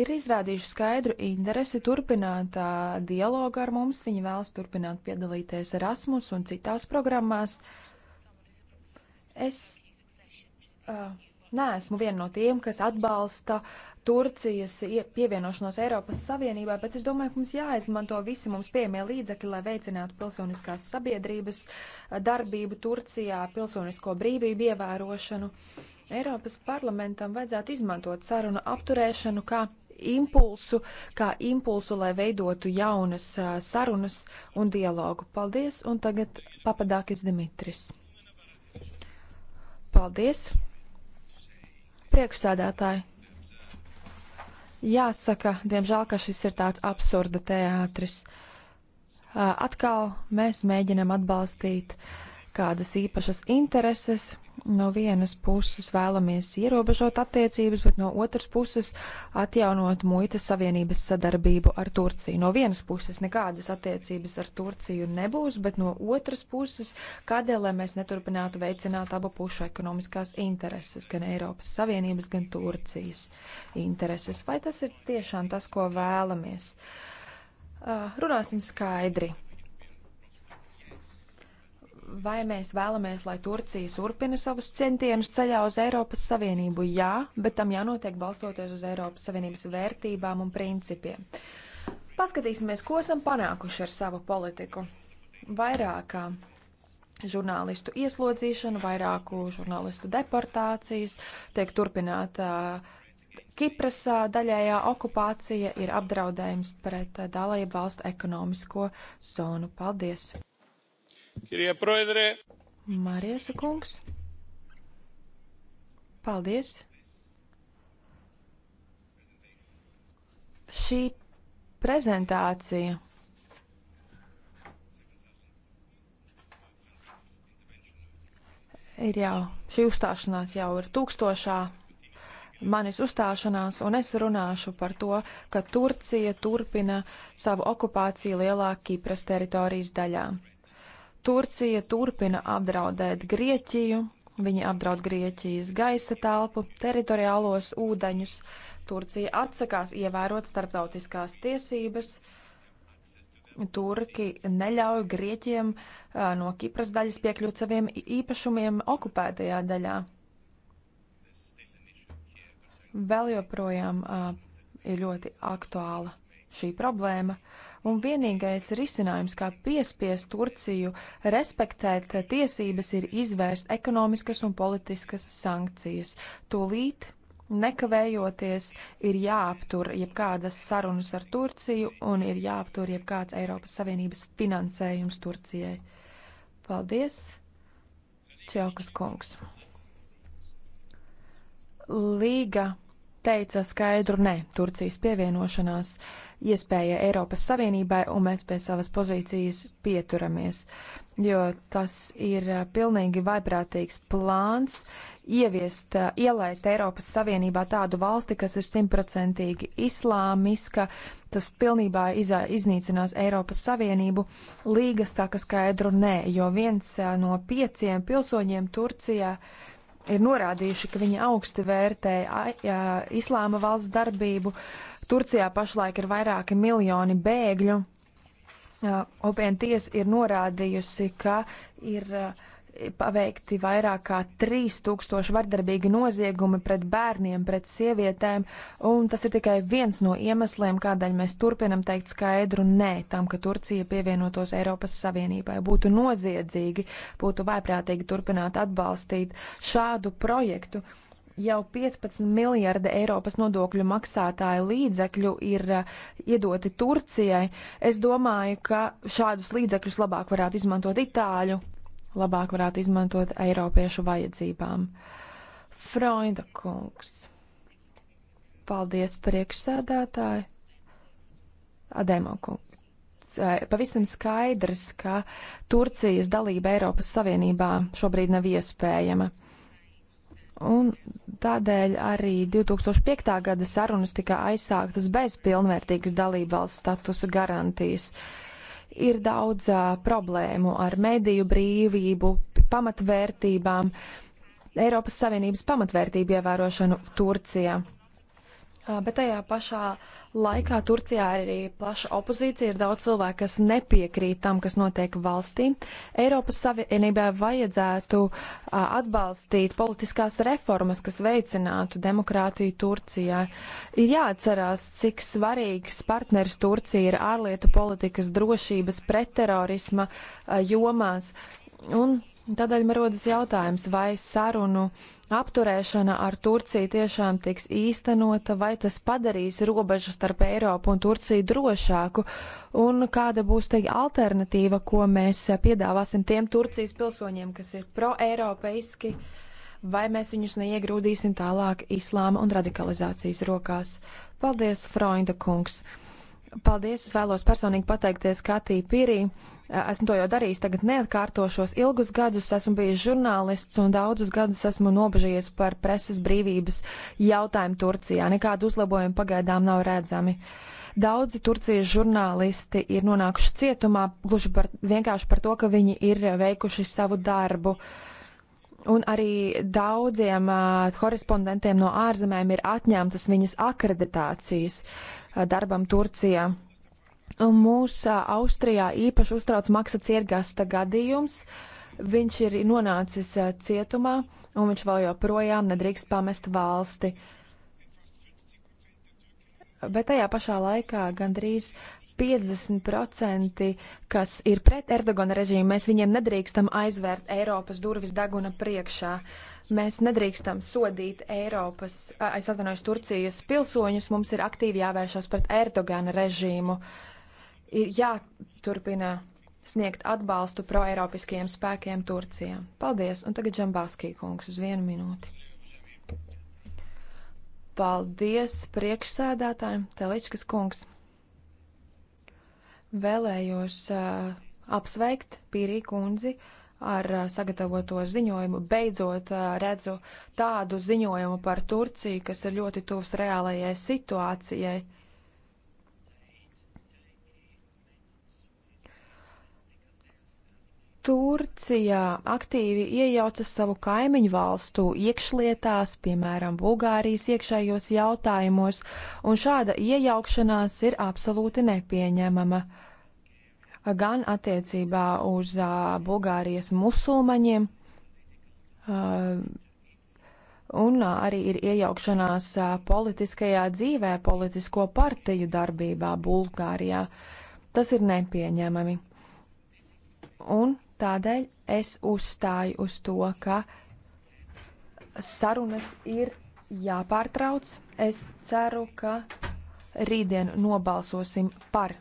ir izrādījuši skaidru interesi turpināt dialogu ar mums. Viņi vēlas turpināt piedalīties Erasmus un citās programmās. Es uh, neesmu viena no tiem, kas atbalsta uh, Turcijas pievienošanos Eiropas Savienībā, bet es domāju, ka mums jāizmanto visi mums pieejamie līdzekļi, lai veicinātu pilsoniskās sabiedrības darbību Turcijā, pilsonisko brīvību ievērošanu. Eiropas parlamentam vajadzētu izmantot sarunu apturēšanu kā impulsu, kā impulsu, lai veidotu jaunas sarunas un dialogu. Paldies, un tagad papadākis Dimitris. Paldies, priekšsādātāji. Jāsaka, diemžēl, ka šis ir tāds absurda teātris. Atkal mēs mēģinam atbalstīt uh, kādas īpašas intereses. No vienas puses vēlamies ierobežot attiecības, bet no otras puses atjaunot muitas savienības sadarbību ar Turciju. No vienas puses nekādas attiecības ar Turciju nebūs, bet no otras puses kādēļ, lai mēs neturpinātu veicināt abu pušu ekonomiskās intereses, gan Eiropas Savienības, gan Turcijas intereses. Vai tas ir tiešām tas, ko vēlamies? Uh, runāsim skaidri vai mēs vēlamies, lai Turcija turpina savus centienus ceļā uz Eiropas Savienību? Jā, bet tam jānotiek balstoties uz Eiropas Savienības vērtībām un principiem. Paskatīsimies, ko esam panākuši ar savu politiku. Vairākā žurnālistu ieslodzīšana, vairāku žurnālistu deportācijas, tiek turpināta uh, Kipras daļējā okupācija ir apdraudējums pret dalību valstu ekonomisko zonu. Paldies! Kirie proedrē. Mariesa kungs. Paldies. Šī prezentācija. ir jau šī uzstāšanās jau ir tūkstošā. Manis uzstāšanās, un es runāšu par to, ka Turcija turpina savu okupāciju lielā Kipras teritorijas daļā. Turcija turpina apdraudēt Grieķiju, viņi apdraud Grieķijas gaisa telpu, teritoriālos ūdeņus. Turcija atsakās ievērot starptautiskās tiesības. Turki neļauj Grieķiem no Kipras daļas piekļūt saviem īpašumiem okupētajā daļā. Vēl joprojām ir ļoti aktuāla šī problēma, un vienīgais risinājums, kā piespiest Turciju respektēt tiesības, ir izvērst ekonomiskas un politiskas sankcijas. Tūlīt nekavējoties ir jāaptur jebkādas sarunas ar Turciju un ir jāaptur jebkāds Eiropas Savienības finansējums Turcijai. Paldies, Čelkas kungs. Līga teica skaidru nē Turcijas pievienošanās iespēja Eiropas Savienībai, un mēs pie savas pozīcijas pieturamies, jo tas ir pilnīgi vaiprātīgs plāns ieviest, ielaist Eiropas Savienībā tādu valsti, kas ir simtprocentīgi islāmiska, tas pilnībā izā, iznīcinās Eiropas Savienību. Līgas tā, ka skaidru nē, jo viens no pieciem pilsoņiem Turcijā uh, ir norādījuši, ka viņi augsti vērtē islāma valsts darbību. Turcijā pašlaik ir vairāki miljoni bēgļu. Opienties ir norādījusi, ka ir uh, paveikti vairāk kā 3000 vardarbīgi noziegumi pret bērniem, pret sievietēm, un tas ir tikai viens no iemesliem, kādēļ mēs turpinam teikt skaidru nē tam, ka Turcija pievienotos Eiropas Savienībai. Būtu noziedzīgi, būtu vaiprātīgi turpināt atbalstīt šādu projektu. Jau 15 miljardi Eiropas nodokļu maksātāju līdzekļu ir eh, iedoti Turcijai. Es domāju, ka šādus līdzekļus labāk varētu izmantot Itāļu labāk varētu izmantot Eiropiešu vajadzībām. Freunda kungs. Paldies priekšsēdētāji. Ademo kungs. Pavisam skaidrs, ka Turcijas dalība Eiropas Savienībā šobrīd nav iespējama. Un tādēļ arī 2005. gada sarunas tika aizsāktas bez pilnvērtīgas dalībvalsts statusa garantijas. Uh, Ir daudz uh, problēmu ar mediju brīvību, pamatvērtībām, Eiropas Savienības pamatvērtību ievērošanu Turcijā. Bet tajā pašā laikā Turcijā ir arī plaša opozīcija, ir daudz cilvēku, kas nepiekrīt tam, kas notiek valstī. Eiropas Savienībā vajadzētu atbalstīt politiskās reformas, kas veicinātu demokrātiju Turcijā. Ir jāatcerās, cik svarīgs partneris Turcija ir ārlietu politikas drošības pretterorisma jomās. Un tādēļ man rodas jautājums, vai sarunu. Uh, apturēšana ar Turciju tiešām tiks īstenota, vai tas padarīs robežu starp Eiropu un Turciju drošāku, un kāda būs te alternatīva, ko mēs piedāvāsim tiem Turcijas pilsoņiem, kas ir pro-eiropeiski, vai mēs viņus neiegrūdīsim tālāk islāma un radikalizācijas rokās. Paldies, Freunda kungs! Paldies, es vēlos personīgi pateikties Katī Pirī Eh, esmu to jau darījis, tagad neatkārtošos. Ilgus gadus esmu bijis žurnālists un daudzus gadus esmu nobežījies par preses brīvības jautājumu Turcijā. Nekādu uzlabojumu pagaidām nav redzami. Daudzi Turcijas žurnālisti ir nonākuši cietumā gluži par, vienkārši par to, ka viņi ir veikuši savu darbu. Un arī daudziem uh, korespondentiem no ārzemēm ir atņemtas viņas akreditācijas uh, darbam Turcijā. Uh, Mūs Austrijā īpaši uztrauc Maksa Ciergasta gadījums. Viņš ir nonācis cietumā, un viņš vēl joprojām nedrīkst pamest valsti. Bet tajā pašā laikā gandrīz 50%, kas ir pret Erdogana režīmu, mēs viņiem nedrīkstam aizvērt Eiropas durvis deguna priekšā. Mēs nedrīkstam sodīt Eiropas, es atvainojos, Turcijas pilsoņus, mums ir aktīvi jāvēršas pret Erdogana režīmu. Uh, ir jāturpina sniegt atbalstu proeiropiskajiem spēkiem Turcijā. Paldies, un tagad Džambāskī kungs uz vienu minūti. Paldies priekšsēdētājiem, Teličkas kungs. Vēlējos uh, apsveikt Pīrī kundzi ar uh, sagatavoto ziņojumu. Beidzot uh, redzu tādu ziņojumu par Turciju, kas ir ļoti tuvs reālajai situācijai. Uh, Turcijā aktīvi iejaucas savu kaimiņu valstu iekšlietās, piemēram, Bulgārijas iekšējos jautājumos, un šāda iejaukšanās ir absolūti nepieņemama. Gan attiecībā uz uh, Bulgārijas musulmaņiem, uh, un uh, arī ir iejaukšanās uh, politiskajā dzīvē, politisko partiju darbībā Bulgārijā. Tas ir nepieņemami. Un Tādēļ es uzstāju uz to, ka sarunas ir jāpārtrauc. Es ceru, ka rītdien nobalsosim par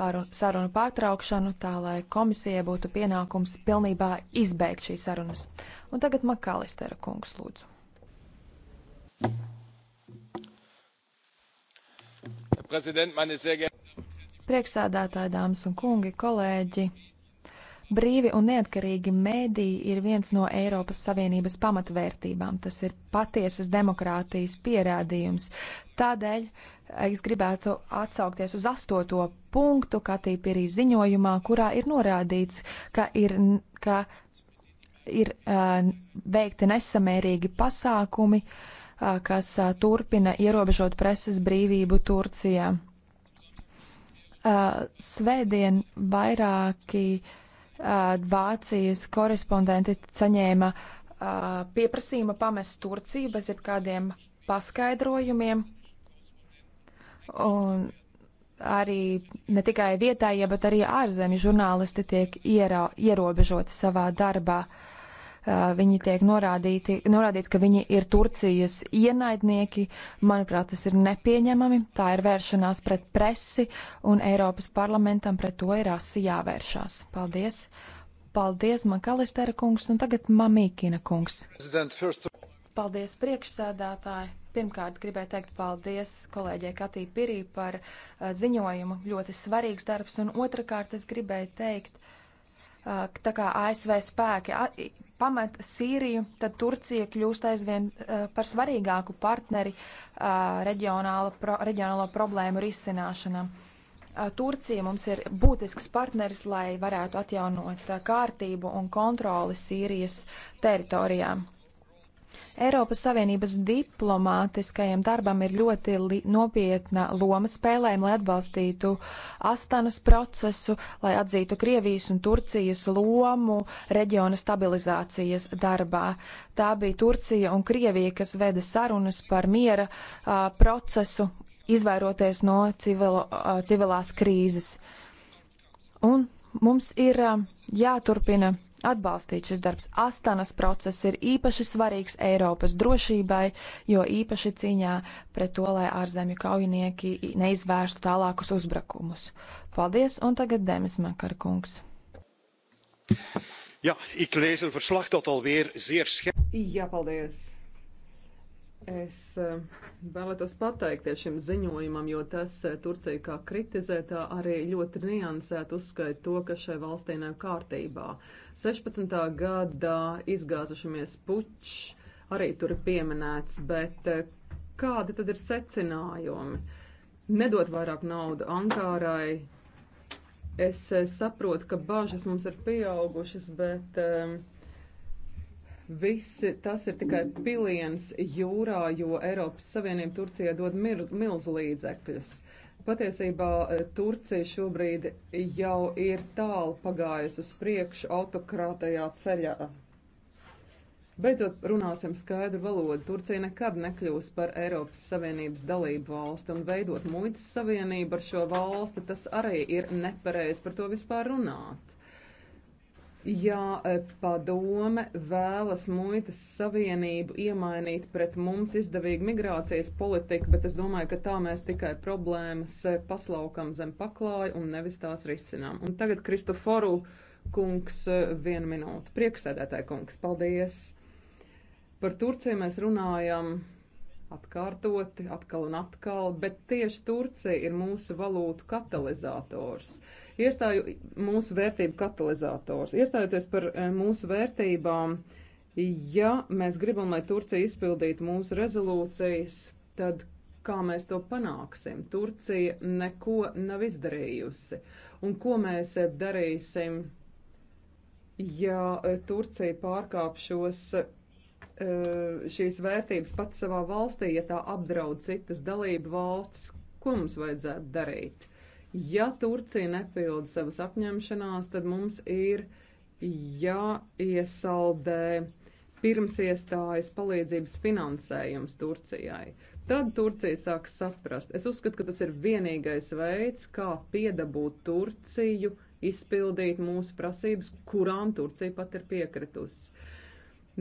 par sarunu pārtraukšanu, tā lai komisijai būtu pienākums pilnībā izbeigt šīs sarunas. Un tagad Makalistera kungs lūdzu. Priekšsēdētāji, dāmas un kungi, kolēģi! Brīvi un neatkarīgi mediji ir viens no Eiropas Savienības pamatvērtībām. Tas ir patiesas demokrātijas pierādījums. Tādēļ eh, es gribētu atsaukties uz astoto punktu Katīpīrī ziņojumā, kurā ir norādīts, ka ir, ka ir uh, veikti nesamērīgi pasākumi, uh, kas uh, turpina ierobežot preses brīvību Turcijā. Uh, svētdien vairāki uh, Vācijas korespondenti saņēma pieprasījumu pamest Turciju bez jebkādiem paskaidrojumiem. Un arī ne tikai vietējie, bet arī ārzemju žurnālisti tiek iero, ierobežoti savā darbā. Uh, viņi tiek norādīti, norādīts, ka viņi ir Turcijas ienaidnieki. Manuprāt, tas ir nepieņemami. Tā ir vēršanās pret presi, un Eiropas parlamentam pret to ir asi jāvēršās. Paldies! Paldies, Makalistera kungs, un tagad Mamīkina kungs. Paldies, priekšsēdētāji! Pirmkārt, gribēju teikt paldies kolēģei Katī Pirī par ziņojumu. Ļoti svarīgs darbs, un otrkārt, es gribēju teikt, tā kā ASV spēki pamet Sīriju, tad Turcija kļūst aizvien eh, par svarīgāku partneri eh, pro, reģionālo problēmu risināšanā. Eh, Turcija mums ir būtisks partneris, lai varētu atjaunot kārtību un kontroli Sīrijas teritorijām. Eiropas Savienības diplomātiskajam darbam ir ļoti nopietna loma spēlējama, lai atbalstītu Astanas procesu, lai atzītu Krievijas un Turcijas lomu reģiona stabilizācijas darbā. Tā bija Turcija un Krievija, kas veda sarunas par miera uh, procesu, izvairoties no civilo, uh, civilās krīzes. Un mums ir uh, jāturpina atbalstīt šis darbs. Astanas process ir īpaši svarīgs Eiropas drošībai, jo īpaši cīņā pret to, lai ārzemju kaujinieki neizvērstu tālākus uzbrukumus. Paldies, un tagad Demis Makarkungs. Ja, ik lees een verslag dat alweer zeer scherp. Ja, paldies. Es eh, vēlētos pateikties šim ziņojumam, jo tas eh, Turcija kā kritizētā arī ļoti niansēt uzskaita to, ka šai valstī nav kārtībā. 16. gadā izgāzušamies puķis arī tur ir pieminēts, bet eh, kādi tad ir secinājumi? Nedot vairāk naudu Ankārai. Es saprotu, ka bāžas mums ir pieaugušas, bet um, Viss tas ir tikai piliens jūrā, jo Eiropas Savienība Turcijai dod milz līdzekļus. Patiesībā eh, Turcija šobrīd jau ir tālu pagājusi uz priekšu autokrātajā ceļā. Beidzot, runāsim skaidru valodu. Turcija nekad nekļūs par Eiropas Savienības dalību valsti un veidot muitas savienību ar šo valsti, tas arī ir nepareizi par to vispār runāt. Ja e, padome vēlas muitas savienību iemainīt pret mums izdevīgu migrācijas politiku, bet es domāju, ka tā mēs tikai problēmas e, paslaukam zem paklāja un nevis tās risinām. Un tagad Kristoforu kungs e, vienu minūtu. Prieksēdētāji kungs, paldies! Par Turciju mēs runājam atkārtoti, atkal un atkal, bet tieši Turcija ir mūsu valūtu katalizators. Iestāju mūsu vērtību katalizators. Iestājoties par eh, mūsu vērtībām, ja mēs gribam, lai Turcija izpildītu mūsu rezolūcijas, tad kā mēs to panāksim? Turcija neko nav izdarījusi. Un ko mēs eh, darīsim, ja eh, Turcija pārkāp šos šīs vērtības pats savā valstī, ja tā apdraud citas dalību valstis, ko mums vajadzētu darīt? Ja Turcija nepilda savas apņemšanās, tad mums ir jāiesaldē pirms iestājas palīdzības finansējums Turcijai. Tad Turcija sāks saprast. Es uzskatu, ka tas ir vienīgais veids, kā piedabūt Turciju, izpildīt mūsu prasības, kurām Turcija pat ir piekritusi. Uh,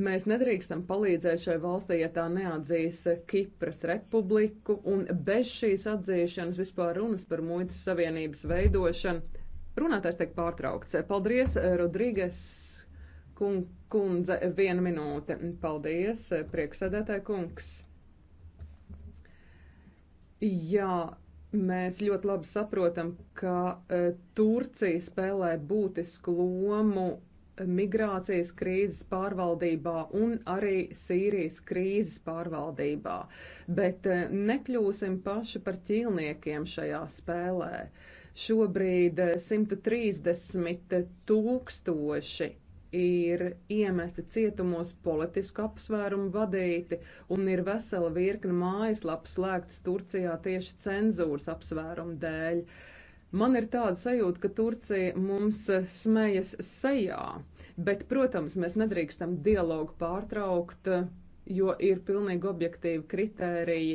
Mēs nedrīkstam palīdzēt šai valstī, ja tā neatzīs Kipras republiku, un bez šīs atzīšanas vispār runas par muitas savienības veidošanu. Runātājs tiek pārtraukts. Paldies, Rodrīgas kundze, viena minūte. Paldies, prieksēdētāja kungs. Jā, mēs ļoti labi saprotam, ka eh, Turcija spēlē būtisku lomu migrācijas krīzes pārvaldībā un arī Sīrijas krīzes pārvaldībā, bet eh, nekļūsim paši par ķīlniekiem šajā spēlē. Šobrīd 130 eh, tūkstoši ir iemesti cietumos politisku apsvērumu vadīti, un ir vesela virkne mājaslapu slēgtas Turcijā tieši cenzūras apsvērumu dēļ. Uh, Man ir tāda sajūta, ka Turcija mums eh, smejas sejā, bet, protams, mēs nedrīkstam dialogu pārtraukt, eh, jo ir pilnīgi objektīvi kritēriji,